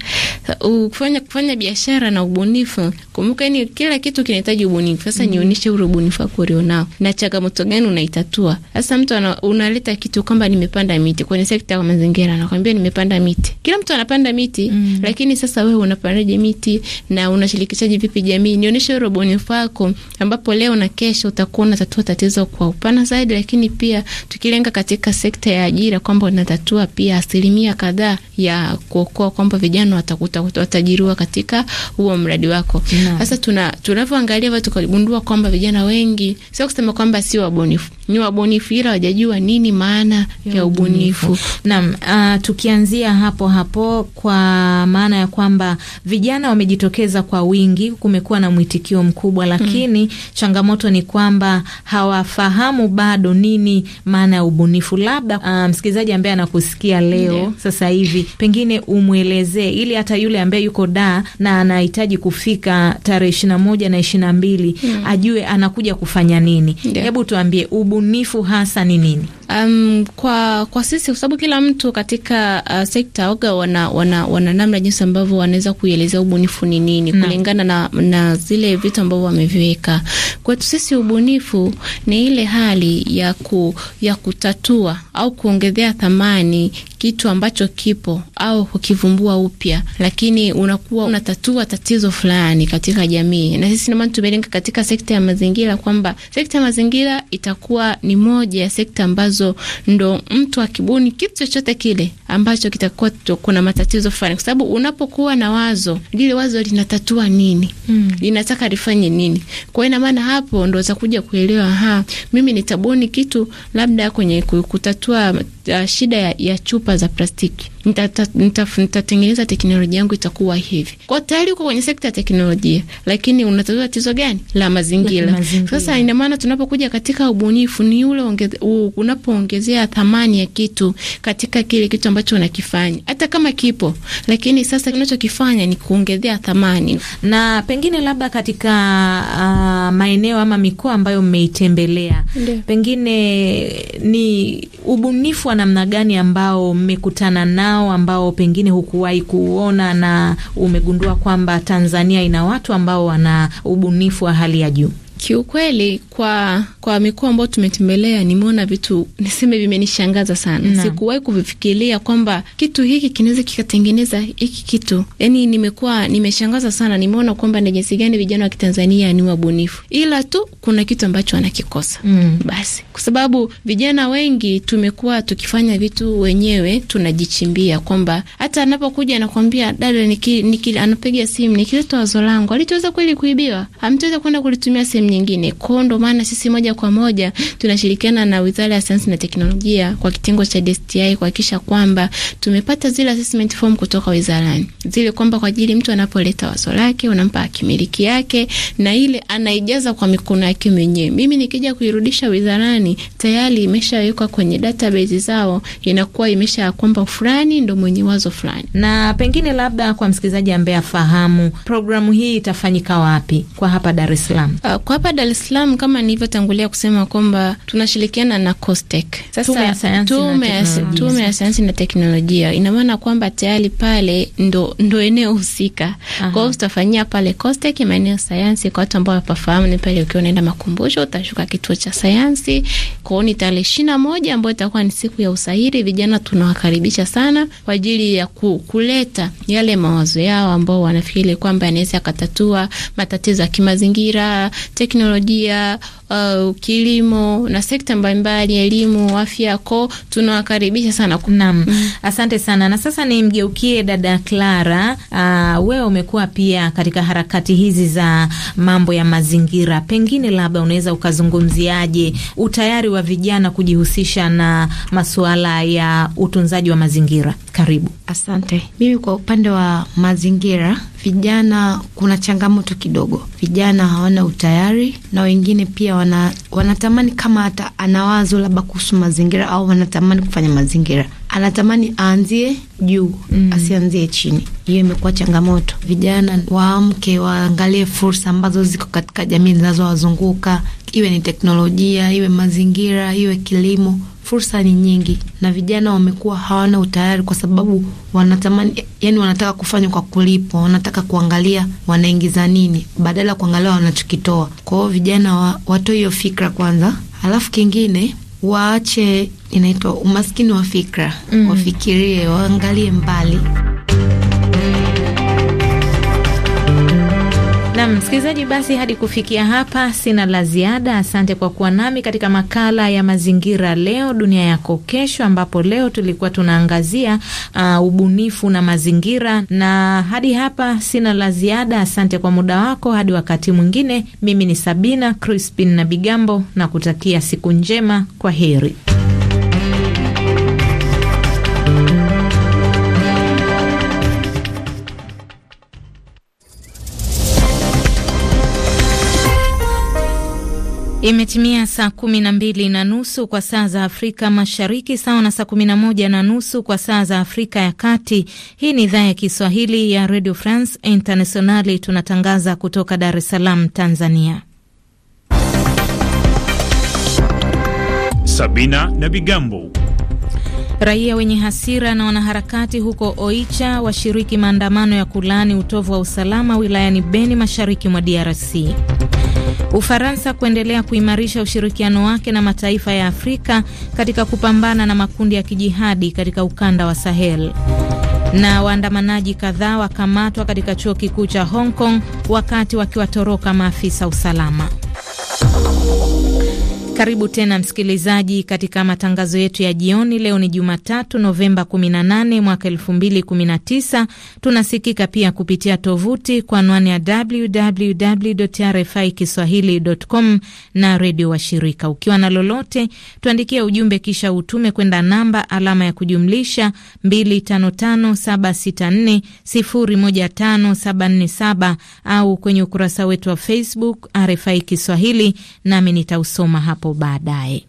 kufanya kufanya biashara na ubunifu, kumbuka ni kila kitu kinahitaji ubunifu. Sasa mm -hmm. nionyeshe ule ubunifu wako ulionao na changamoto gani unaitatua. Sasa mtu ana, unaleta kitu kwamba nimepanda miti kwenye sekta ya mazingira, anakwambia nimepanda miti. Kila mtu anapanda miti mm -hmm. lakini sasa wewe unapandaje miti na unashirikishaje vipi jamii? Nionyeshe ule ubunifu wako ambapo leo na kesho utakuwa unatatua tatizo kwa upana zaidi, lakini pia tukilenga katika sekta ya ajira kwamba unatatua pia asilimia kadhaa ya kuokoa kwamba vijana watakuta watajiriwa katika huo mradi wako. Sasa tuna tunavyoangalia watu tukagundua kwamba vijana wengi, sio kusema kwamba si wabunifu, ni wabunifu, ila wajajua nini maana ya ubunifu. Naam, uh, tukianzia hapo hapo kwa maana ya kwamba vijana wamejitokeza kwa wingi, kumekuwa na mwitikio mkubwa lakini hmm lakini changamoto ni kwamba hawafahamu bado nini maana ya ubunifu. Labda uh, msikilizaji ambaye anakusikia leo yeah, sasa hivi pengine umwelezee, ili hata yule ambaye yuko da na anahitaji kufika tarehe ishirini na moja na ishirini na mbili mm, ajue anakuja kufanya nini. Hebu yeah, tuambie ubunifu hasa ni nini? Um, kwa, kwa sisi kwa sababu kila mtu katika uh, sekta oga wana, wana, wana namna jinsi ambavyo wanaweza kuielezea ubunifu ni nini kulingana na, na zile vitu ambavyo wameviweka kueleweka. Kwetu sisi ubunifu ni ile hali ya, ku, ya kutatua au kuongezea thamani kitu ambacho kipo au kukivumbua upya, lakini unakuwa unatatua tatizo fulani katika jamii. Na sisi namana tumelenga katika sekta ya mazingira kwamba sekta ya mazingira itakuwa ni moja ya sekta ambazo ndo mtu akibuni kitu chochote kile ambacho kitakuwa kuna matatizo fulani, kwa sababu unapokuwa na wazo lile, wazo linatatua nini? Mm. linataka lifanye nini? Kwa ina maana hapo ndo utakuja kuelewa, ha, mimi nitabuni kitu labda kwenye kutatua uh, shida ya, ya chupa za plastiki nitatengeneza teknolojia yangu itakuwa hivi. Kwa tayari uko kwenye sekta ya teknolojia, lakini unatatua tatizo gani la mazingira? Sasa ina maana tunapokuja katika ubunifu ni ule unapoongezea thamani ya kitu katika kile kitu ambacho unakifanya, hata kama kipo, lakini sasa kinachokifanya ni kuongezea thamani. Na pengine labda katika uh, maeneo ama mikoa ambayo mmeitembelea, pengine ni ubunifu wa namna gani ambao mmekutana na nao ambao pengine hukuwahi kuona na umegundua kwamba Tanzania ina watu ambao wana ubunifu wa hali ya juu? Kiukweli, kwa kwa mikoa ambayo tumetembelea, nimeona vitu niseme vimenishangaza sana. Sikuwahi kuvifikiria kwamba kitu hiki kinaweza kikatengeneza hiki kitu. Yani nimekuwa nimeshangaza sana, nimeona kwamba ni jinsi gani vijana wa Kitanzania ni wabunifu, ila tu kuna kitu ambacho wanakikosa mm. Basi kwa sababu vijana wengi tumekuwa tukifanya vitu wenyewe, tunajichimbia kwamba hata anapokuja anakwambia dada, niki, niki, anapiga simu nikileta wazo langu, alichoweza kweli kuibiwa? Hamtoweza kwenda kulitumia sehemu nyingine. Kwa ndo maana sisi moja kwa moja tunashirikiana na Wizara ya Sayansi na Teknolojia kwa kitengo cha DSTI kuhakikisha kwamba tumepata zile assessment form kutoka wizarani, zile kwamba kwa ajili mtu anapoleta wazo lake unampa akimiliki yake, na ile anaijaza kwa mikono yake mwenyewe. Mimi nikija kuirudisha wizarani, tayari imeshawekwa kwenye database zao, inakuwa imesha kwamba fulani ndo mwenye wazo fulani. Na pengine labda kwa msikilizaji ambaye afahamu programu hii itafanyika wapi kwa hapa Dar es Salaam? Uh, kwa hapa Dar es Salaam kama nilivyotangulia kusema kwamba tunashirikiana na COSTECH. Sasa tume ya sayansi na teknolojia, ina maana kwamba tayari pale ndo, ndo eneo husika. Kwa hiyo tutafanyia pale COSTECH maeneo sayansi. Kwa watu ambao wapafahamu ni pale, ukiwa unaenda Makumbusho utashuka kituo cha sayansi. Kwa hiyo ni tarehe ishirini na moja ambayo itakuwa ni siku ya usahiri. Vijana tunawakaribisha sana kwa ajili ya ku, kuleta yale mawazo yao ambao wanafikiri kwamba yanaweza yakatatua matatizo ya kimazingira teknolojia, uh, kilimo na sekta mbalimbali, elimu, afya. Ko tunawakaribisha sana nam. Mm. Asante sana, na sasa ni mgeukie dada Clara. Uh, wewe umekuwa pia katika harakati hizi za mambo ya mazingira, pengine labda unaweza ukazungumziaje utayari wa vijana kujihusisha na masuala ya utunzaji wa mazingira? Karibu. Asante. Mimi kwa upande wa mazingira, vijana kuna changamoto kidogo, vijana hawana utayari habari na wengine pia wana, wanatamani kama hata anawazo labda kuhusu mazingira au wanatamani kufanya mazingira, anatamani aanzie juu mm, asianzie chini. Hiyo imekuwa changamoto. Vijana waamke, waangalie fursa ambazo ziko katika jamii zinazowazunguka, iwe ni teknolojia, iwe mazingira, iwe kilimo fursa ni nyingi, na vijana wamekuwa hawana utayari kwa sababu wanatamani, yani wanataka kufanya kwa kulipwa, wanataka kuangalia wanaingiza nini badala kuangalia wanachokitoa. Kwa hiyo vijana wa, watoe hiyo fikra kwanza, alafu kingine waache inaitwa umaskini wa fikra mm. Wafikirie, waangalie mbali. Na msikilizaji, basi hadi kufikia hapa sina la ziada. Asante kwa kuwa nami katika makala ya mazingira leo dunia yako kesho, ambapo leo tulikuwa tunaangazia uh, ubunifu na mazingira. Na hadi hapa sina la ziada. Asante kwa muda wako. Hadi wakati mwingine, mimi ni Sabina Crispin na Bigambo na kutakia siku njema. Kwa heri. Imetimia saa kumi na mbili na nusu kwa saa za Afrika Mashariki, sawa na saa kumi na moja na nusu kwa saa za Afrika ya Kati. Hii ni idhaa ya Kiswahili ya Radio France Internationali, tunatangaza kutoka Dar es Salaam, Tanzania. Sabina na Bigambo. Raia wenye hasira na wanaharakati huko Oicha washiriki maandamano ya kulaani utovu wa usalama wilayani Beni, mashariki mwa DRC. Ufaransa kuendelea kuimarisha ushirikiano wake na mataifa ya Afrika katika kupambana na makundi ya kijihadi katika ukanda wa Sahel. Na waandamanaji kadhaa wakamatwa katika chuo kikuu cha Hong Kong wakati wakiwatoroka maafisa usalama. Karibu tena msikilizaji, katika matangazo yetu ya jioni. Leo ni Jumatatu, Novemba 18 mwaka 2019. Tunasikika pia kupitia tovuti kwa anwani ya www RFI kiswahilicom na redio washirika. Ukiwa na lolote, tuandikia ujumbe kisha utume kwenda namba alama ya kujumlisha 255764015747 au kwenye ukurasa wetu wa Facebook RFI Kiswahili, nami nitausoma hapo baadaye.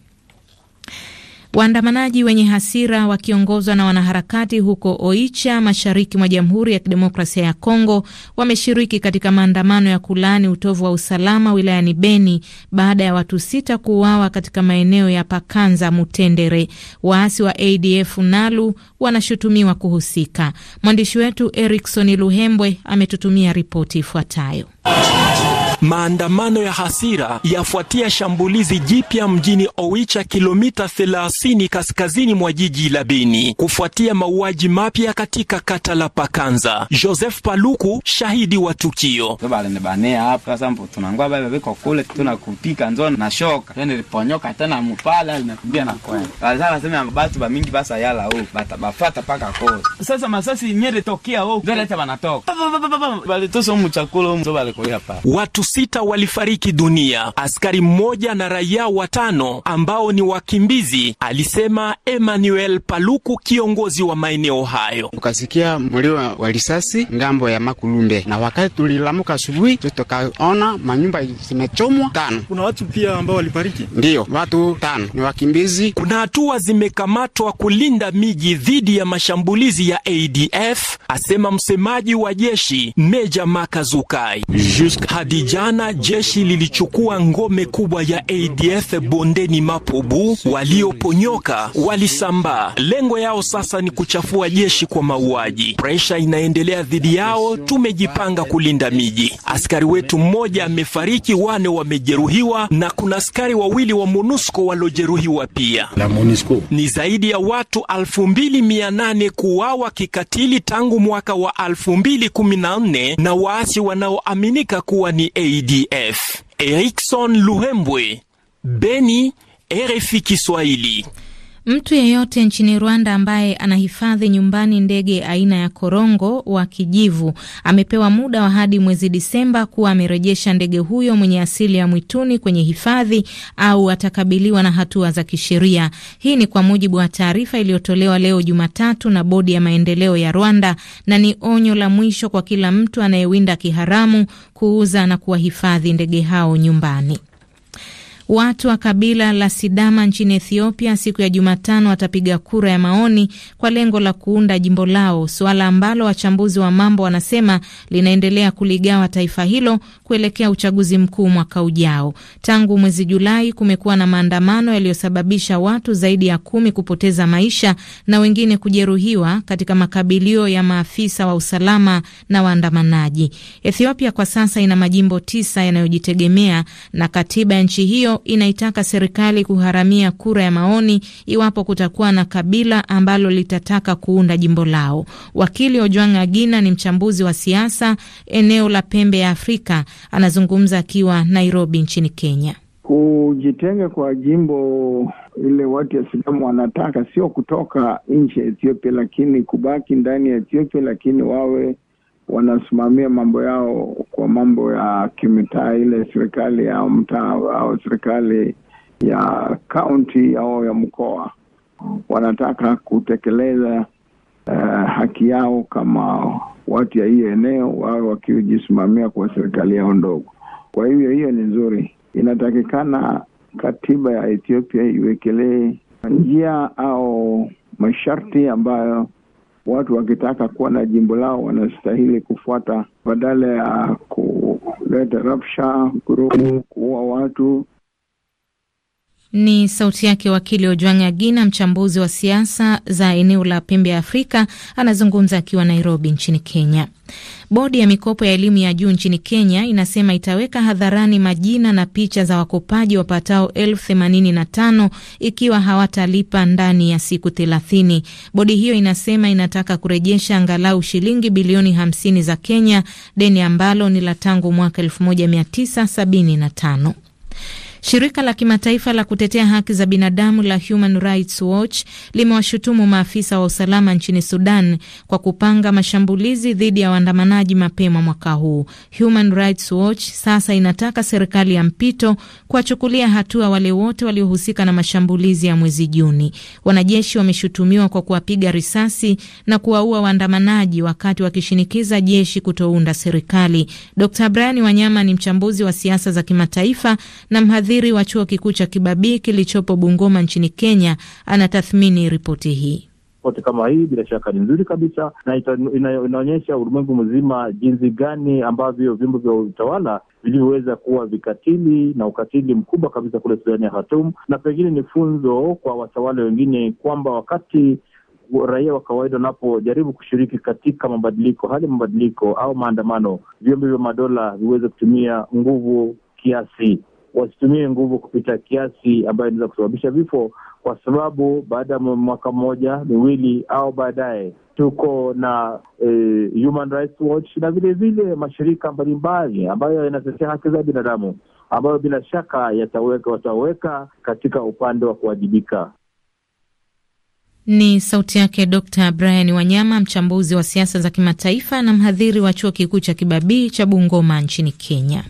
Waandamanaji wenye hasira wakiongozwa na wanaharakati huko Oicha, mashariki mwa Jamhuri ya Kidemokrasia ya Kongo, wameshiriki katika maandamano ya kulaani utovu wa usalama wilayani Beni baada ya watu sita kuuawa katika maeneo ya Pakanza Mutendere. Waasi wa ADF Nalu wanashutumiwa kuhusika. Mwandishi wetu Erikson Luhembwe ametutumia ripoti ifuatayo maandamano ya hasira yafuatia shambulizi jipya mjini Owicha, kilomita 30 kaskazini mwa jiji la Beni, kufuatia mauaji mapya katika kata la Pakanza. Joseph Paluku, shahidi wa tukio: watu sita walifariki dunia, askari mmoja na raia watano ambao ni wakimbizi, alisema Emmanuel Paluku, kiongozi wa maeneo hayo. Tukasikia mlio wa risasi ngambo ya Makulumbe, na wakati tulilamuka asubuhi tukaona manyumba zimechomwa tano. Kuna watu pia ambao walifariki, ndiyo watu tano ni wakimbizi. Kuna hatua zimekamatwa kulinda miji dhidi ya mashambulizi ya ADF, asema msemaji wa jeshi Meja Makazukai Jusk Hadija Jana jeshi lilichukua ngome kubwa ya ADF bondeni Mapobu. Walioponyoka walisambaa, lengo yao sasa ni kuchafua jeshi kwa mauaji. Presha inaendelea dhidi yao, tumejipanga kulinda miji. Askari wetu mmoja amefariki, wane wamejeruhiwa, na kuna askari wawili wa MONUSCO waliojeruhiwa pia. Ni zaidi ya watu 2800 kuuawa kikatili tangu mwaka wa 2014 na na waasi wanaoaminika kuwa ni ADF. KDF. E Erikson Luhembwe, Beni, RFI Kiswahili. Mtu yeyote nchini Rwanda ambaye anahifadhi nyumbani ndege aina ya korongo wa kijivu amepewa muda wa hadi mwezi Disemba kuwa amerejesha ndege huyo mwenye asili ya mwituni kwenye hifadhi au atakabiliwa na hatua za kisheria. Hii ni kwa mujibu wa taarifa iliyotolewa leo Jumatatu na Bodi ya Maendeleo ya Rwanda, na ni onyo la mwisho kwa kila mtu anayewinda kiharamu, kuuza na kuwahifadhi ndege hao nyumbani. Watu wa kabila la Sidama nchini Ethiopia siku ya Jumatano watapiga kura ya maoni kwa lengo la kuunda jimbo lao, suala ambalo wachambuzi wa mambo wanasema linaendelea kuligawa taifa hilo kuelekea uchaguzi mkuu mwaka ujao. Tangu mwezi Julai kumekuwa na maandamano yaliyosababisha watu zaidi ya kumi kupoteza maisha na wengine kujeruhiwa katika makabilio ya maafisa wa usalama na waandamanaji. Ethiopia kwa sasa ina majimbo tisa yanayojitegemea na katiba ya nchi hiyo inaitaka serikali kuharamia kura ya maoni iwapo kutakuwa na kabila ambalo litataka kuunda jimbo lao. Wakili Ojwang Agina ni mchambuzi wa siasa eneo la pembe ya Afrika, anazungumza akiwa Nairobi nchini Kenya. Kujitenga kwa jimbo ile watu Waislamu wanataka sio kutoka nchi ya Ethiopia, lakini kubaki ndani ya Ethiopia, lakini wawe wanasimamia mambo yao kwa mambo ya kimitaa, ile serikali ya mtaa au serikali ya kaunti au ya mkoa, wanataka kutekeleza uh, haki yao kama watu ya hiyo eneo, wawe wakijisimamia kwa serikali yao ndogo. Kwa hivyo hiyo ni nzuri, inatakikana katiba ya Ethiopia iwekelee njia au masharti ambayo watu wakitaka kuwa na jimbo lao wanastahili kufuata, badala ya kuleta rabsha, vurugu, kuua watu ni sauti yake wakili Ojwang Agina, mchambuzi wa siasa za eneo la pembe ya Afrika, anazungumza akiwa Nairobi nchini Kenya. Bodi ya mikopo ya elimu ya juu nchini Kenya inasema itaweka hadharani majina na picha za wakopaji wapatao elfu themanini na tano ikiwa hawatalipa ndani ya siku thelathini. Bodi hiyo inasema inataka kurejesha angalau shilingi bilioni hamsini za Kenya, deni ambalo ni la tangu mwaka elfu moja mia tisa sabini na tano. Shirika la kimataifa la kutetea haki za binadamu la Human Rights Watch limewashutumu maafisa wa usalama nchini Sudan kwa kupanga mashambulizi dhidi ya waandamanaji mapema mwaka huu. Human Rights Watch sasa inataka serikali ya mpito kuwachukulia hatua wale wote waliohusika na mashambulizi ya mwezi Juni. Wanajeshi wameshutumiwa kwa kuwapiga risasi na kuwaua waandamanaji wakati wakishinikiza jeshi kutounda serikali. Dr Brian Wanyama ni mchambuzi wa siasa za kimataifa na mhadhiri mhadhiri wa chuo kikuu cha Kibabii kilichopo Bungoma nchini Kenya anatathmini ripoti hii. Ripoti kama hii bila shaka ni nzuri kabisa na ita, ina, inaonyesha ulimwengu mzima jinsi gani ambavyo vyombo vya utawala vilivyoweza kuwa vikatili na ukatili mkubwa kabisa kule Sudani ya Khartoum, na pengine ni funzo kwa watawala wengine kwamba wakati raia wa kawaida wanapojaribu kushiriki katika mabadiliko, hali ya mabadiliko au maandamano, vyombo vya madola viweze kutumia nguvu kiasi wasitumie nguvu kupita kiasi ambayo inaweza kusababisha vifo, kwa sababu baada ya mwaka mmoja miwili au baadaye tuko na eh, Human Rights Watch na vilevile mashirika mbalimbali ambayo yanatetea haki za binadamu ambayo bila shaka yataweka wataweka katika upande wa kuwajibika. Ni sauti yake Dr Brian Wanyama, mchambuzi wa siasa za kimataifa na mhadhiri wa chuo kikuu cha Kibabii cha Bungoma nchini Kenya.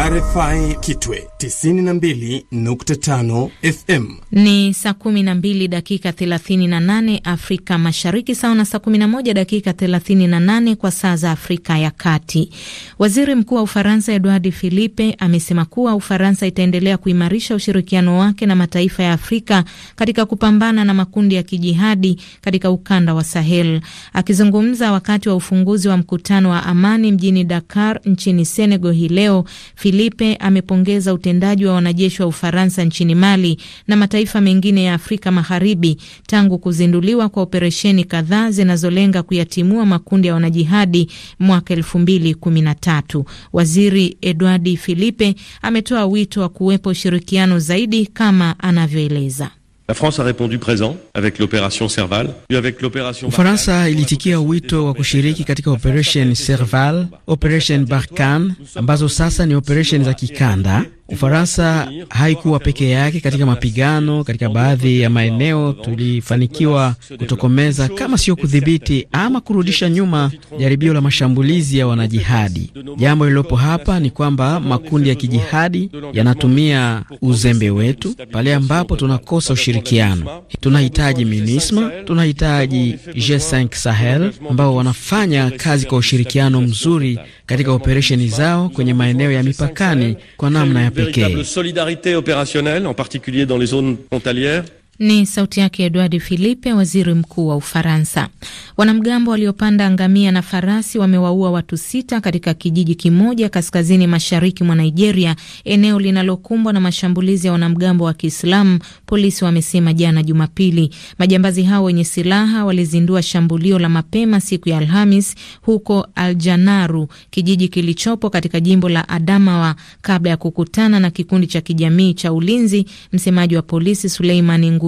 RFI Kitwe 92.5 FM. Ni saa 12 dakika 38 Afrika Mashariki, sawa na saa 11 dakika 38 kwa saa za Afrika ya Kati. Waziri Mkuu wa Ufaransa Edouard Philippe amesema kuwa Ufaransa itaendelea kuimarisha ushirikiano wake na mataifa ya Afrika katika kupambana na makundi ya kijihadi katika ukanda wa Sahel. Akizungumza wakati wa ufunguzi wa mkutano wa amani mjini Dakar nchini Senegal hii leo Filipe amepongeza utendaji wa wanajeshi wa Ufaransa nchini Mali na mataifa mengine ya Afrika Magharibi tangu kuzinduliwa kwa operesheni kadhaa zinazolenga kuyatimua makundi ya wanajihadi mwaka elfu mbili kumi na tatu. Waziri Edwardi Filipe ametoa wito wa kuwepo ushirikiano zaidi kama anavyoeleza. La France a répondu présent avec l'opération Serval, avec l'opération Ufaransa ilitikia wito wa kushiriki katika operation Serval, operation Barkan ambazo sasa ni operation za kikanda Ufaransa haikuwa peke yake katika mapigano. Katika baadhi ya maeneo tulifanikiwa kutokomeza kama sio kudhibiti ama kurudisha nyuma jaribio la mashambulizi ya wanajihadi. Jambo lililopo hapa ni kwamba makundi ya kijihadi yanatumia uzembe wetu pale ambapo tunakosa ushirikiano. Tunahitaji MINISMA, tunahitaji G5 Sahel ambao wanafanya kazi kwa ushirikiano mzuri katika operesheni zao kwenye maeneo ya mipakani kwa namna ya véritable solidarité opérationnelle, en particulier dans les zones frontalières. Ni sauti yake Edward Philippe, waziri mkuu wa Ufaransa. Wanamgambo waliopanda ngamia na farasi wamewaua watu sita katika kijiji kimoja kaskazini mashariki mwa Nigeria, eneo linalokumbwa na mashambulizi ya wanamgambo wa Kiislamu, polisi wamesema jana Jumapili. Majambazi hao wenye silaha walizindua shambulio la mapema siku ya Alhamis huko Aljanaru, kijiji kilichopo katika jimbo la Adamawa, kabla ya kukutana na kikundi cha kijamii cha ulinzi. Msemaji wa polisi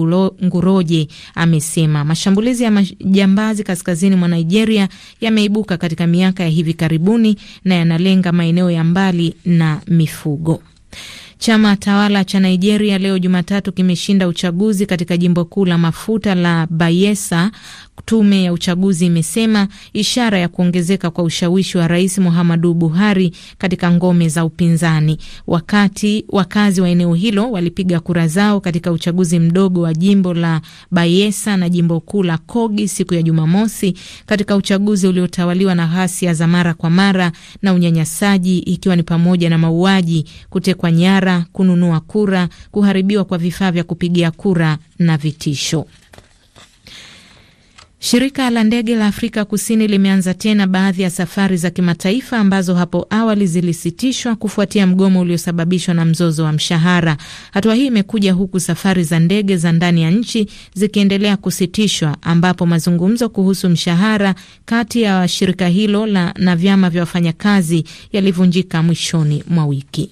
Ngu Nguroje amesema mashambulizi ya majambazi kaskazini mwa Nigeria yameibuka katika miaka ya hivi karibuni na yanalenga maeneo ya mbali na mifugo. Chama tawala cha Nigeria leo Jumatatu kimeshinda uchaguzi katika jimbo kuu la mafuta la Bayelsa Tume ya uchaguzi imesema ishara ya kuongezeka kwa ushawishi wa Rais Muhammadu Buhari katika ngome za upinzani. Wakati wakazi wa eneo hilo walipiga kura zao katika uchaguzi mdogo wa jimbo la bayesa na jimbo kuu la Kogi siku ya Jumamosi, katika uchaguzi uliotawaliwa na ghasia za mara kwa mara na unyanyasaji, ikiwa ni pamoja na mauaji, kutekwa nyara, kununua kura, kuharibiwa kwa vifaa vya kupigia kura na vitisho. Shirika la ndege la Afrika Kusini limeanza tena baadhi ya safari za kimataifa ambazo hapo awali zilisitishwa kufuatia mgomo uliosababishwa na mzozo wa mshahara. Hatua hii imekuja huku safari za ndege za ndani ya nchi zikiendelea kusitishwa, ambapo mazungumzo kuhusu mshahara kati ya shirika hilo la na vyama vya wafanyakazi yalivunjika mwishoni mwa wiki.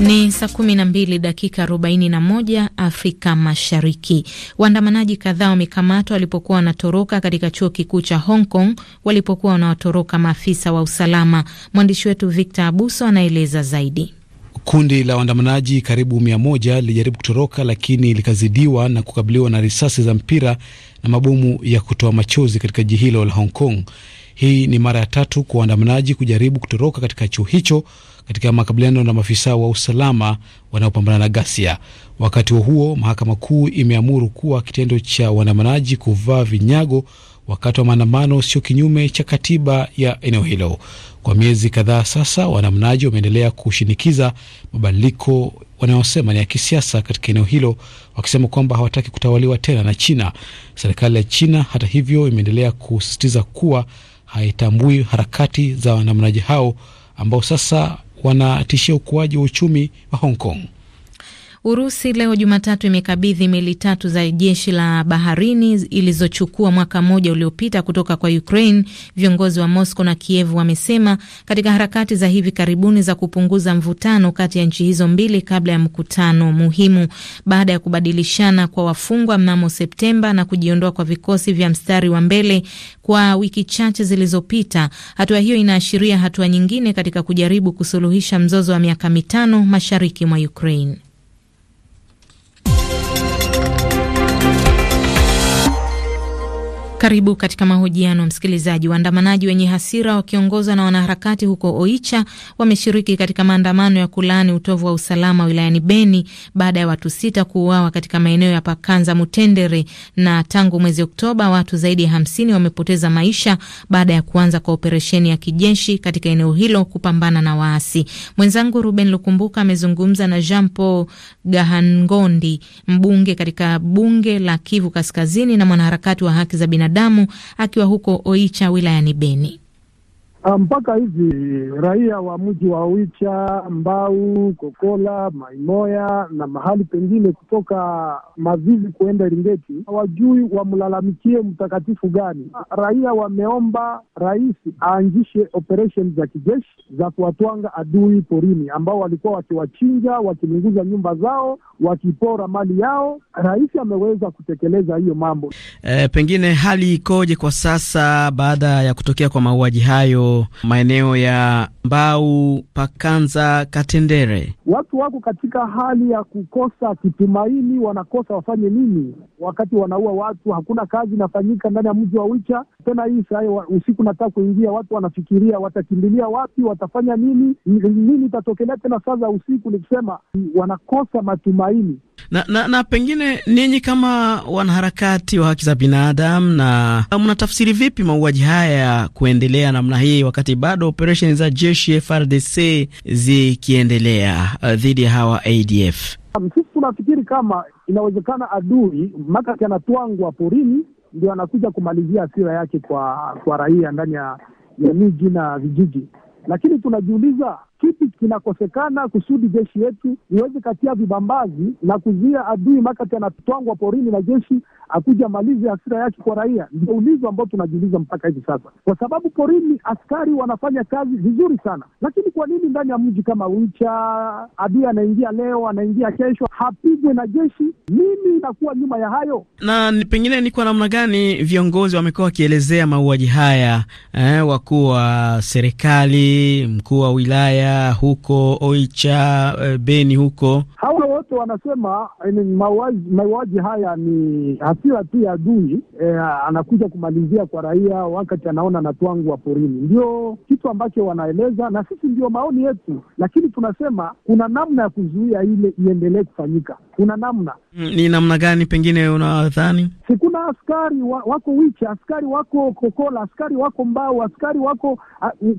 Ni saa kumi na mbili dakika arobaini na moja Afrika Mashariki. Waandamanaji kadhaa wamekamatwa walipokuwa wanatoroka katika chuo kikuu cha Hong Kong walipokuwa wanawatoroka maafisa wa usalama. Mwandishi wetu Victor Abuso anaeleza zaidi. Kundi la waandamanaji karibu mia moja lilijaribu kutoroka lakini likazidiwa na kukabiliwa na risasi za mpira na mabomu ya kutoa machozi katika jiji hilo la Hong Kong. Hii ni mara ya tatu kwa waandamanaji kujaribu kutoroka katika chuo hicho katika makabiliano na maafisa wa usalama wanaopambana na ghasia. Wakati wa huo, mahakama kuu imeamuru kuwa kitendo cha waandamanaji kuvaa vinyago wakati wa maandamano sio kinyume cha katiba ya eneo hilo. Kwa miezi kadhaa sasa, waandamanaji wameendelea kushinikiza mabadiliko wanayosema ni ya kisiasa katika eneo hilo, wakisema kwamba hawataki kutawaliwa tena na China. Serikali ya China, hata hivyo, imeendelea kusisitiza kuwa haitambui harakati za waandamanaji hao ambao sasa wanatishia ukuaji wa uchumi wa Hong Kong. Urusi leo Jumatatu imekabidhi meli tatu za jeshi la baharini ilizochukua mwaka mmoja uliopita kutoka kwa Ukraine, viongozi wa Moscow na Kiev wamesema katika harakati za hivi karibuni za kupunguza mvutano kati ya nchi hizo mbili kabla ya mkutano muhimu. Baada ya kubadilishana kwa wafungwa mnamo Septemba na kujiondoa kwa vikosi vya mstari wa mbele kwa wiki chache zilizopita, hatua hiyo inaashiria hatua nyingine katika kujaribu kusuluhisha mzozo wa miaka mitano mashariki mwa Ukraine. Karibu katika mahojiano msikilizaji. Waandamanaji wenye hasira wakiongozwa na wanaharakati huko Oicha wameshiriki katika maandamano ya kulaani utovu wa usalama wilayani Beni baada ya watu sita kuuawa katika maeneo ya Pakanza Mutendere, na tangu mwezi Oktoba watu zaidi ya hamsini wamepoteza maisha baada ya kuanza kwa operesheni ya kijeshi katika eneo hilo kupambana na waasi. Mwenzangu Ruben Lukumbuka amezungumza na Jean Paul Gahangondi, mbunge katika bunge la Kivu Kaskazini na mwanaharakati wa haki za binadamu binadamu akiwa huko Oicha wilayani Beni. Ah, mpaka hivi raia wa mji wa wicha Mbau, Kokola, Maimoya na mahali pengine kutoka Mazizi kuenda Ringeti hawajui wamlalamikie mtakatifu gani. Raia wameomba rais aanzishe operesheni za kijeshi za kuwatwanga adui porini ambao walikuwa wakiwachinja, wakilunguza nyumba zao, wakipora mali yao. Rais ameweza kutekeleza hiyo mambo. E, pengine hali ikoje kwa sasa baada ya kutokea kwa mauaji hayo? maeneo ya Mbau, Pakanza, Katendere. Watu wako katika hali ya kukosa kitumaini, wanakosa wafanye nini wakati wanaua watu. Hakuna kazi inafanyika ndani ya mji wa Wicha tena. Hii saa usiku nataka kuingia, watu wanafikiria watakimbilia wapi, watafanya nini, nini itatokelea tena saa za usiku. Ni kusema wanakosa matumaini na, na, na pengine ninyi kama wanaharakati wa haki za binadamu na mnatafsiri vipi mauaji haya kuendelea namna hii wakati bado operesheni za jeshi FRDC zikiendelea uh, dhidi ya hawa ADF? Sisi tunafikiri kama inawezekana adui makati anatwangwa porini ndio anakuja kumalizia asira yake kwa kwa raia ndani ya miji na vijiji, lakini tunajiuliza kipi kinakosekana kusudi jeshi yetu iweze katia vibambazi na kuzuia adui makati anatwangwa porini na jeshi akuja malizi hasira yake kwa raia? Ndio ulizo ambao tunajiuliza mpaka hivi sasa, kwa sababu porini askari wanafanya kazi vizuri sana, lakini kwa nini ndani ya mji kama Wicha adui anaingia leo, anaingia kesho, hapigwe na jeshi? Mimi inakuwa nyuma ya hayo, na pengine ni kwa namna gani viongozi wamekuwa wakielezea mauaji haya eh, wakuu wa serikali, mkuu wa wilaya Mbeya huko Oicha, eh, Beni huko, hawa wote wanasema mauaji haya ni hasira tu ya adui e, anakuja kumalizia kwa raia wakati anaona na twangu wa porini. Ndio kitu ambacho wanaeleza, na sisi ndio maoni yetu, lakini tunasema kuna namna ya kuzuia ile iendelee kufanyika kuna namna mm, ni namna gani? Pengine unadhani sikuna askari wa, wako wichi, askari wako kokola, askari wako mbao, askari wako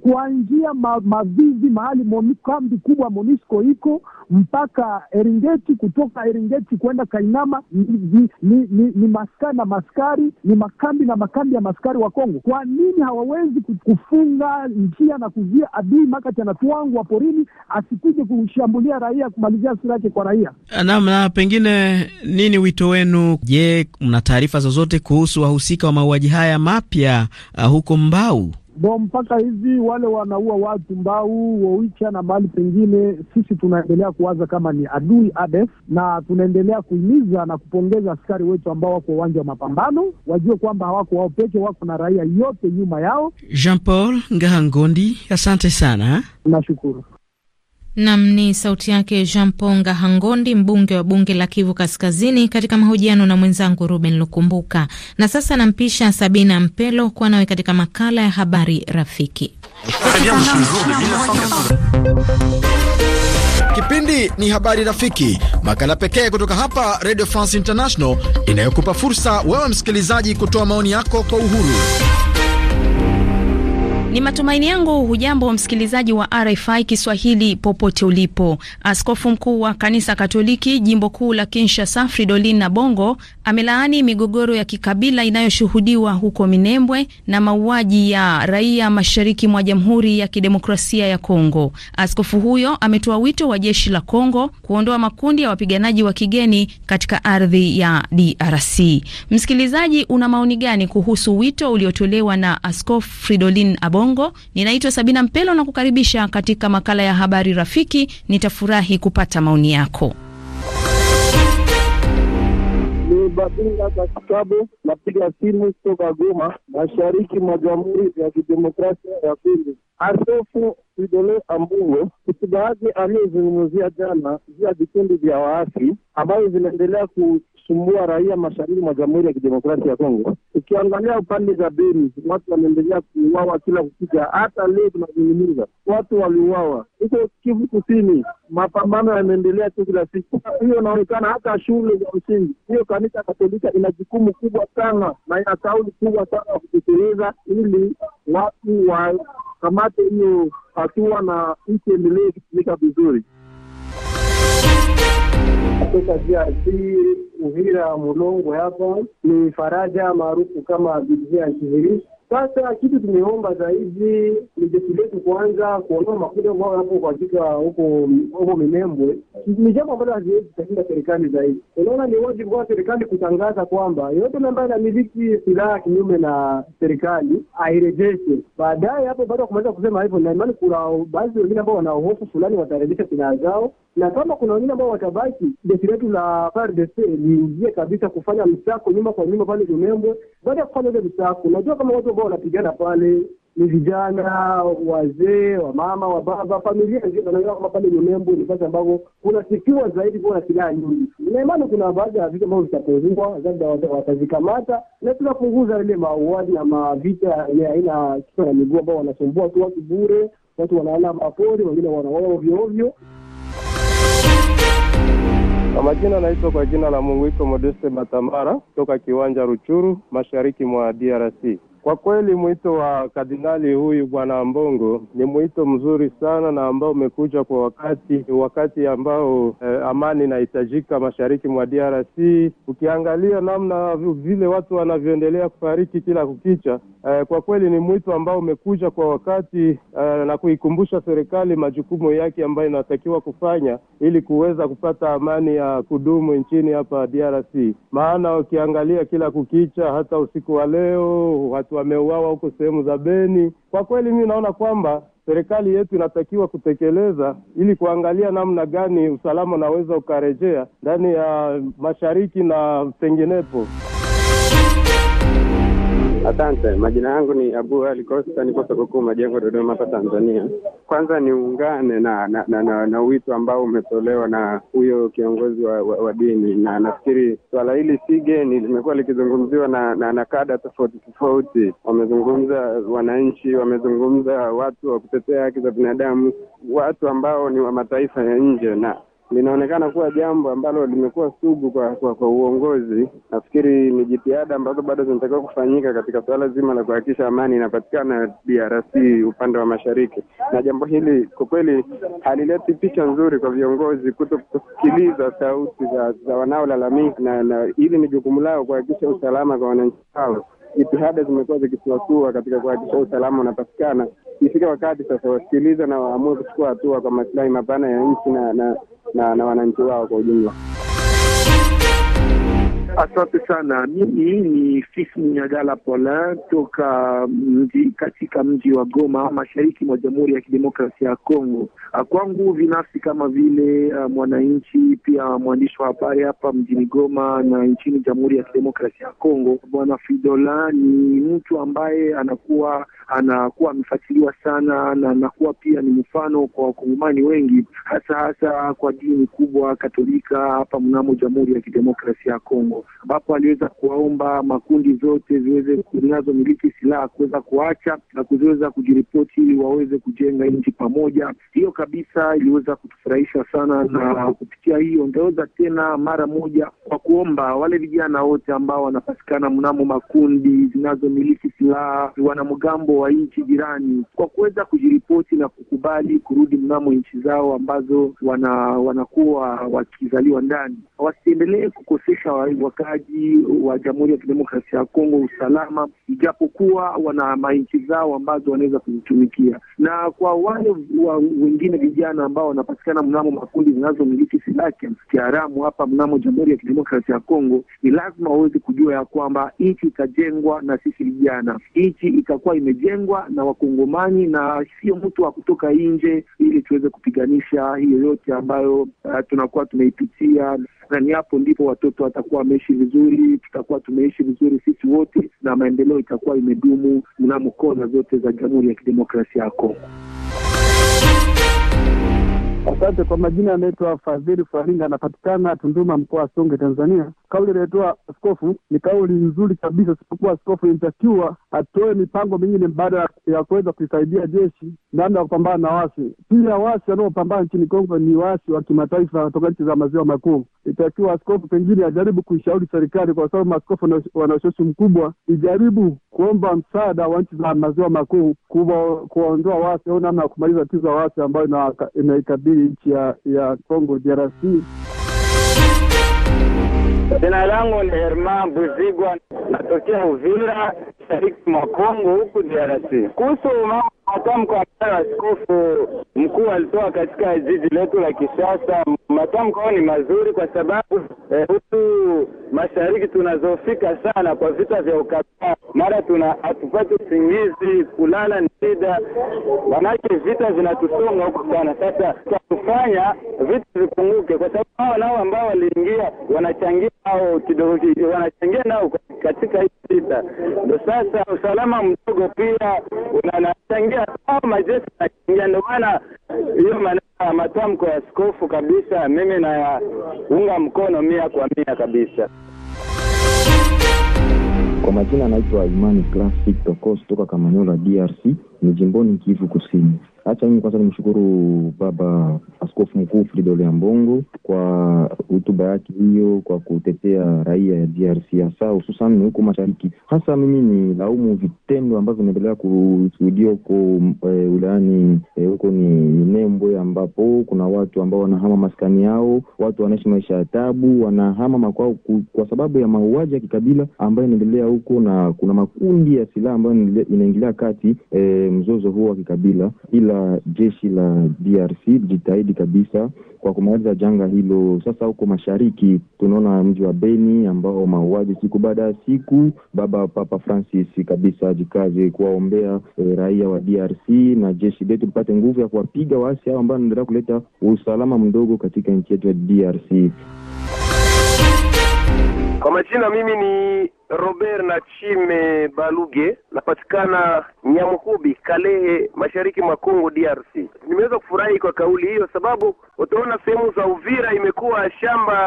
kuanzia ma, mavizi mahali moni, kambi kubwa Monisco iko mpaka Eringeti, kutoka Eringeti kwenda Kainama ni, ni, ni, ni, ni maskari na maskari, ni makambi na makambi ya maskari wa Kongo. Kwa nini hawawezi kufunga njia na kuzia adui makati anatuangwa porini asikuje kushambulia raia, kumalizia sira yake kwa raia Anamna. Ah, pengine nini wito wenu? Je, mna taarifa zozote kuhusu wahusika wa mauaji haya mapya uh, huko Mbau? Bo, mpaka hivi wale wanaua watu Mbau, Woicha na mahali pengine, sisi tunaendelea kuwaza kama ni adui ADF, na tunaendelea kuhimiza na kupongeza askari wetu ambao wako uwanja wa mapambano, wajue kwamba hawako wao peke, wako na raia yote nyuma yao. Jean Paul Ngahangondi, asante sana, nashukuru. Nam ni sauti yake Jean Ponga Hangondi, mbunge wa bunge la Kivu Kaskazini, katika mahojiano na mwenzangu Ruben Lukumbuka. Na sasa nampisha Sabina Mpelo kuwa nawe katika makala ya habari rafiki. Kipindi ni habari rafiki, makala pekee kutoka hapa Radio France International inayokupa fursa wewe msikilizaji kutoa maoni yako kwa uhuru. Ni matumaini yangu hujambo msikilizaji wa RFI Kiswahili popote ulipo. Askofu mkuu wa kanisa Katoliki jimbo kuu la Kinshasa, Fridolin na Bongo amelaani migogoro ya kikabila inayoshuhudiwa huko Minembwe na mauaji ya raia mashariki mwa Jamhuri ya Kidemokrasia ya Kongo. Askofu huyo ametoa wito wa jeshi la Kongo kuondoa makundi ya wapiganaji wa kigeni katika ardhi ya DRC. Msikilizaji, una maoni gani kuhusu wito uliotolewa na Askofu Fridolin Abongo? Bongo. Ninaitwa Sabina Mpelo na kukaribisha katika makala ya habari rafiki. Nitafurahi kupata maoni yako. Ni Babinga napiga simu kutoka Goma, mashariki mwa Jamhuri ya Kidemokrasia ya Kongo. Askofu Fridolin Ambungo, kutubaaji aliyezungumzia jana juu ya vikundi vya waasi ambayo vinaendelea ku kusumbua raia mashariki mwa Jamhuri ya Kidemokrasia ya Kongo. Ukiangalia upande za Beni, watu wanaendelea kuuawa kila kukicha. Hata leo tunazungumza, watu waliuawa huko Kivu Kusini, mapambano yanaendelea tu kila siku. Hiyo inaonekana hata shule za msingi. Hiyo kanisa Katolika ina jukumu kubwa sana na ina kauli kubwa sana ya kutekeleza, ili watu wakamate hiyo hatua na nchi endelee kutumika vizuri kutoka DRC Uvira Mulongwe. Hapa ni Faraja maarufu kama Biblia Antivirus. Sasa kitu tumeomba zaidi ni jeshi letu kuanza kuondoa makundi ambao yapo katika huko huko Minembwe. Ni jambo ambalo haziwezi kusaidia serikali zaidi. Unaona, ni wajibu wa serikali kutangaza kwamba yoyote ambaye anamiliki silaha kinyume na serikali airejeshe. Baadaye hapo, baada ya kumaliza kusema hivyo, na imani kuna baadhi wengine ambao wana hofu fulani watarejesha silaha zao, na kama kuna wengine ambao watabaki, jeshi letu la FARDC liingie kabisa kufanya msako nyuma kwa nyuma pale Minembwe baada ya kufanya ile misako, unajua kama watu ambao wanapigana pale ni vijana, wazee, wamama, wababa, familia nzima. Naona kama pale Nyemembo ni kazi ambavyo kunasikiwa zaidi kuwa na silaha nyingi. Nina imani kuna baadhi ya vitu ambavyo vitapungua, labda watazikamata na tunapunguza ile mauaji na mavita ya aina kichwa na miguu ambao wanasumbua tu watu bure, watu wanaala mapori, wengine wanaoa ovyoovyo. Kwa majina anaitwa kwa jina la mungu Munguiko Modeste Matambara kutoka kiwanja Ruchuru, mashariki mwa DRC. Kwa kweli mwito wa kardinali huyu bwana mbongo ni mwito mzuri sana na ambao umekuja kwa wakati wakati ambao eh, amani inahitajika mashariki mwa DRC. Ukiangalia namna vile watu wanavyoendelea kufariki kila kukicha, eh, kwa kweli ni mwito ambao umekuja kwa wakati eh, na kuikumbusha serikali majukumu yake ambayo inatakiwa kufanya ili kuweza kupata amani ya kudumu nchini hapa DRC, maana ukiangalia kila kukicha, hata usiku wa leo watu wameuawa huko sehemu za Beni. Kwa kweli, mi naona kwamba serikali yetu inatakiwa kutekeleza ili kuangalia namna gani usalama unaweza ukarejea ndani ya mashariki na penginepo. Asante, majina yangu ni Abu Ali Costa, niko Sokokuu Majengo, Dodoma hapa Tanzania. Kwanza niungane na na, na, na, na wito ambao umetolewa na huyo kiongozi wa, wa, wa dini, na nafikiri swala hili si geni, limekuwa likizungumziwa na, na, na kada tofauti tofauti. Wamezungumza wananchi, wamezungumza watu wa kutetea haki za binadamu, watu ambao ni wa mataifa ya nje na linaonekana kuwa jambo ambalo limekuwa sugu kwa, kwa, kwa uongozi. Nafikiri ni jitihada ambazo bado zinatakiwa kufanyika katika suala zima la kuhakikisha amani inapatikana DRC upande wa mashariki, na jambo hili kwa kweli halileti picha nzuri kwa viongozi kuto kusikiliza sauti za, za wanaolalamika, na, na hili ni jukumu lao kuhakikisha usalama kwa wananchi hao. Jitihada zimekuwa zikisuasua katika kuhakikisha usalama unapatikana. Ifike wakati sasa wasikilize na waamue kuchukua hatua kwa masilahi mapana ya nchi na, na na, na wananchi wao kwa ujumla. Asante sana. Mimi ni fis mnyagala Polin toka mji katika mji wa Goma, mashariki mwa Jamhuri ya Kidemokrasia ya Kongo. Ah, kwangu binafsi kama vile ah, mwananchi pia mwandishi wa habari hapa mjini Goma na nchini Jamhuri ya Kidemokrasia ya Kongo, Bwana Fidola ni mtu ambaye anakuwa anakuwa amefuatiliwa sana na anakuwa pia ni mfano kwa wakongomani wengi, hasa hasa kwa dini kubwa Katolika hapa mnamo Jamhuri ya Kidemokrasia ya Kongo ambapo aliweza kuwaomba makundi zote ziweze zinazomiliki silaha kuweza kuacha na kuziweza kujiripoti ili waweze kujenga nchi pamoja. Hiyo kabisa iliweza kutufurahisha sana, na kupitia hiyo nitaweza tena mara moja kwa kuomba wale vijana wote ambao wanapatikana mnamo makundi zinazomiliki silaha, wanamgambo wa nchi jirani, kwa kuweza kujiripoti na kukubali kurudi mnamo nchi zao ambazo wana, wanakuwa wakizaliwa ndani, wasiendelee kukosesha wa, wa wakaaji wa Jamhuri ya Kidemokrasia ya Kongo usalama, ijapokuwa wana manchi zao ambazo wanaweza kuzitumikia, na kwa wale wa wengine vijana ambao wanapatikana mnamo makundi zinazomiliki silaha kiharamu hapa mnamo Jamhuri ya Kidemokrasia ya Kongo, ni lazima waweze kujua ya kwamba nchi itajengwa na sisi vijana, nchi itakuwa imejengwa na Wakongomani na sio mtu wa kutoka nje, ili tuweze kupiganisha hiyo yote ambayo uh, tunakuwa tumeipitia na ni hapo ndipo watoto watakuwa wameishi vizuri, tutakuwa tumeishi vizuri sisi wote, na maendeleo itakuwa imedumu mnamo kona zote za Jamhuri ya Kidemokrasia ya Kongo. Asante. Kwa majina anaitwa Fadhili Faringa, anapatikana Tunduma, mkoa wa Songwe, Tanzania. Kauli inaitwa askofu ni kauli nzuri kabisa, isipokuwa askofu inatakiwa atoe mipango mingine baada ya kuweza kuisaidia jeshi namna ya kupambana na wasi. Pia wasi wanaopambana nchini Kongo ni wasi wa kimataifa toka nchi za maziwa makuu. Itakiwa askofu pengine ajaribu kuishauri serikali, kwa sababu maaskofu wana ushawishi mkubwa, ijaribu kuomba msaada wa nchi za maziwa makuu kuwaondoa wasi au namna ya kumaliza tatizo ya wasi ambayo inaikabili nchi ya, ya Congo DRC. Jina langu ni Herman Buzigwa, natokea Uvira, mashariki mwa Kongo huku DRC. Kuhusu matamko ambayo askofu mkuu alitoa katika jiji letu la Kishasa, matamko hayo ni mazuri kwa sababu eh, huku mashariki tunazofika sana kwa vita vya ukabila, mara tuna hatupate usingizi, kulala ni shida, manake vita vinatusonga huku sana. Sasa tutafanya vitu vipunguke, kwa sababu hao nao ambao waliingia wanachangia nao kidogo, wanachangia nao katika sita. Ndo sasa usalama mdogo pia unachangia au majeshi yanachangia, ndo maana hiyo maneno ya matamko ya skofu kabisa, mimi nayaunga mkono mia kwa mia kabisa. Kwa majina anaitwa Imani Classic Tokos kutoka Kamanyola, DRC, ni jimboni Kivu Kusini hacha mimi kwanza nimshukuru Baba Askofu Mkuu fridole Ambongo kwa hotuba yake hiyo, kwa kutetea raia ya DRC hasa hususan huko mashariki. Hasa mimi ni laumu vitendo ambavyo vinaendelea kushuhudia huko e, wilayani eh, huko e, ni inembwe ambapo kuna watu ambao wanahama maskani yao, watu wanaishi maisha ya tabu, wanahama makwao kwa sababu ya mauaji ya kikabila ambayo inaendelea huko, na kuna makundi ya silaha ambayo inaingilia kati e, mzozo huo wa kikabila ila jeshi la DRC jitahidi kabisa kwa kumaliza janga hilo. Sasa huko mashariki tunaona mji wa Beni ambao mauaji siku baada ya siku. Baba Papa Francis kabisa jikaze kuwaombea e, raia wa DRC na jeshi letu lipate nguvu ya kuwapiga waasi hao ambao wanaendelea kuleta usalama mdogo katika nchi yetu ya DRC. Kwa majina mimi ni Robert na Chime Baluge, napatikana Nyamuhubi, Kalehe, mashariki mwa Kongo DRC. Nimeweza kufurahi kwa kauli hiyo, sababu utaona sehemu za Uvira imekuwa shamba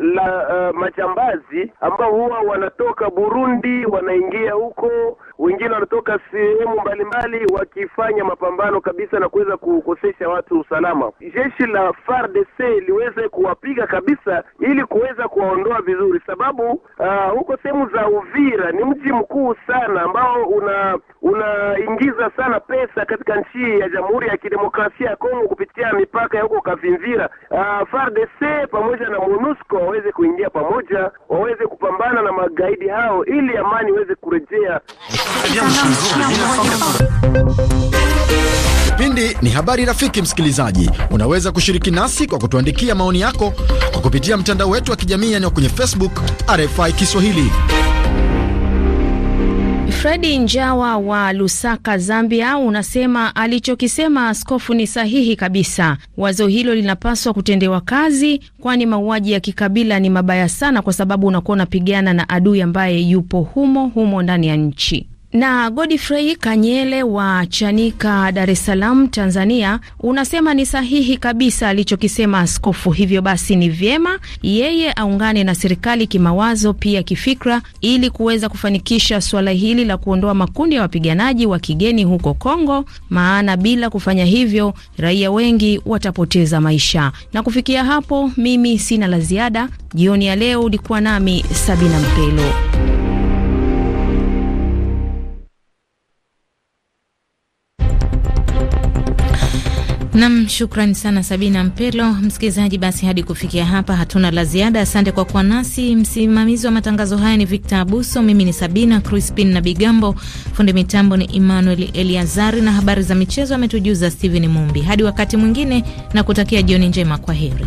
la uh, majambazi ambao huwa wanatoka Burundi wanaingia huko, wengine wanatoka sehemu mbalimbali wakifanya mapambano kabisa na kuweza kukosesha watu usalama. Jeshi la FARDC liweze kuwapiga kabisa ili kuweza kuwaondoa vizuri, sababu uh, huko sehemu za la Uvira ni mji mkuu sana ambao una unaingiza sana pesa katika nchi ya Jamhuri ya Kidemokrasia ya Kongo kupitia mipaka ya huko Kavimvira. Uh, FARDC pamoja na MONUSCO waweze kuingia pamoja, waweze kupambana na magaidi hao ili amani iweze kurejea. Kipindi ni habari. Rafiki msikilizaji, unaweza kushiriki nasi kwa kutuandikia maoni yako kwa kupitia mtandao wetu wa kijamii, yani kwenye Facebook RFI Kiswahili. Fredi Njawa wa Lusaka, Zambia, unasema alichokisema askofu ni sahihi kabisa. Wazo hilo linapaswa kutendewa kazi, kwani mauaji ya kikabila ni mabaya sana, kwa sababu unakuwa unapigana na adui ambaye yupo humo humo ndani ya nchi. Na Godfrey Kanyele wa Chanika, Dar es Salaam, Tanzania, unasema ni sahihi kabisa alichokisema askofu. Hivyo basi ni vyema yeye aungane na serikali kimawazo, pia kifikra, ili kuweza kufanikisha suala hili la kuondoa makundi ya wapiganaji wa kigeni huko Kongo, maana bila kufanya hivyo raia wengi watapoteza maisha. Na kufikia hapo, mimi sina la ziada. Jioni ya leo ulikuwa nami Sabina Mpelo. Nam, shukrani sana Sabina Mpelo. Msikilizaji, basi hadi kufikia hapa hatuna la ziada. Asante kwa kuwa nasi. Msimamizi wa matangazo haya ni Victor Abuso, mimi ni Sabina Crispin na Bigambo, fundi mitambo ni Emmanuel Eliazari na habari za michezo ametujuza Steven Mumbi. Hadi wakati mwingine, na kutakia jioni njema, kwa heri.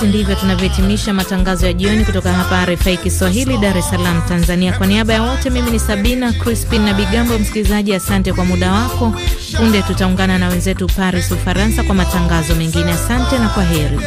basi ndivyo tunavyohitimisha matangazo ya jioni kutoka hapa RFI Kiswahili, Dar es Salaam, Tanzania. Kwa niaba ya wote, mimi ni Sabina Crispin na Bigambo. Msikilizaji, asante kwa muda wako. Punde tutaungana na wenzetu Paris, Ufaransa, kwa matangazo mengine. Asante na kwa heri.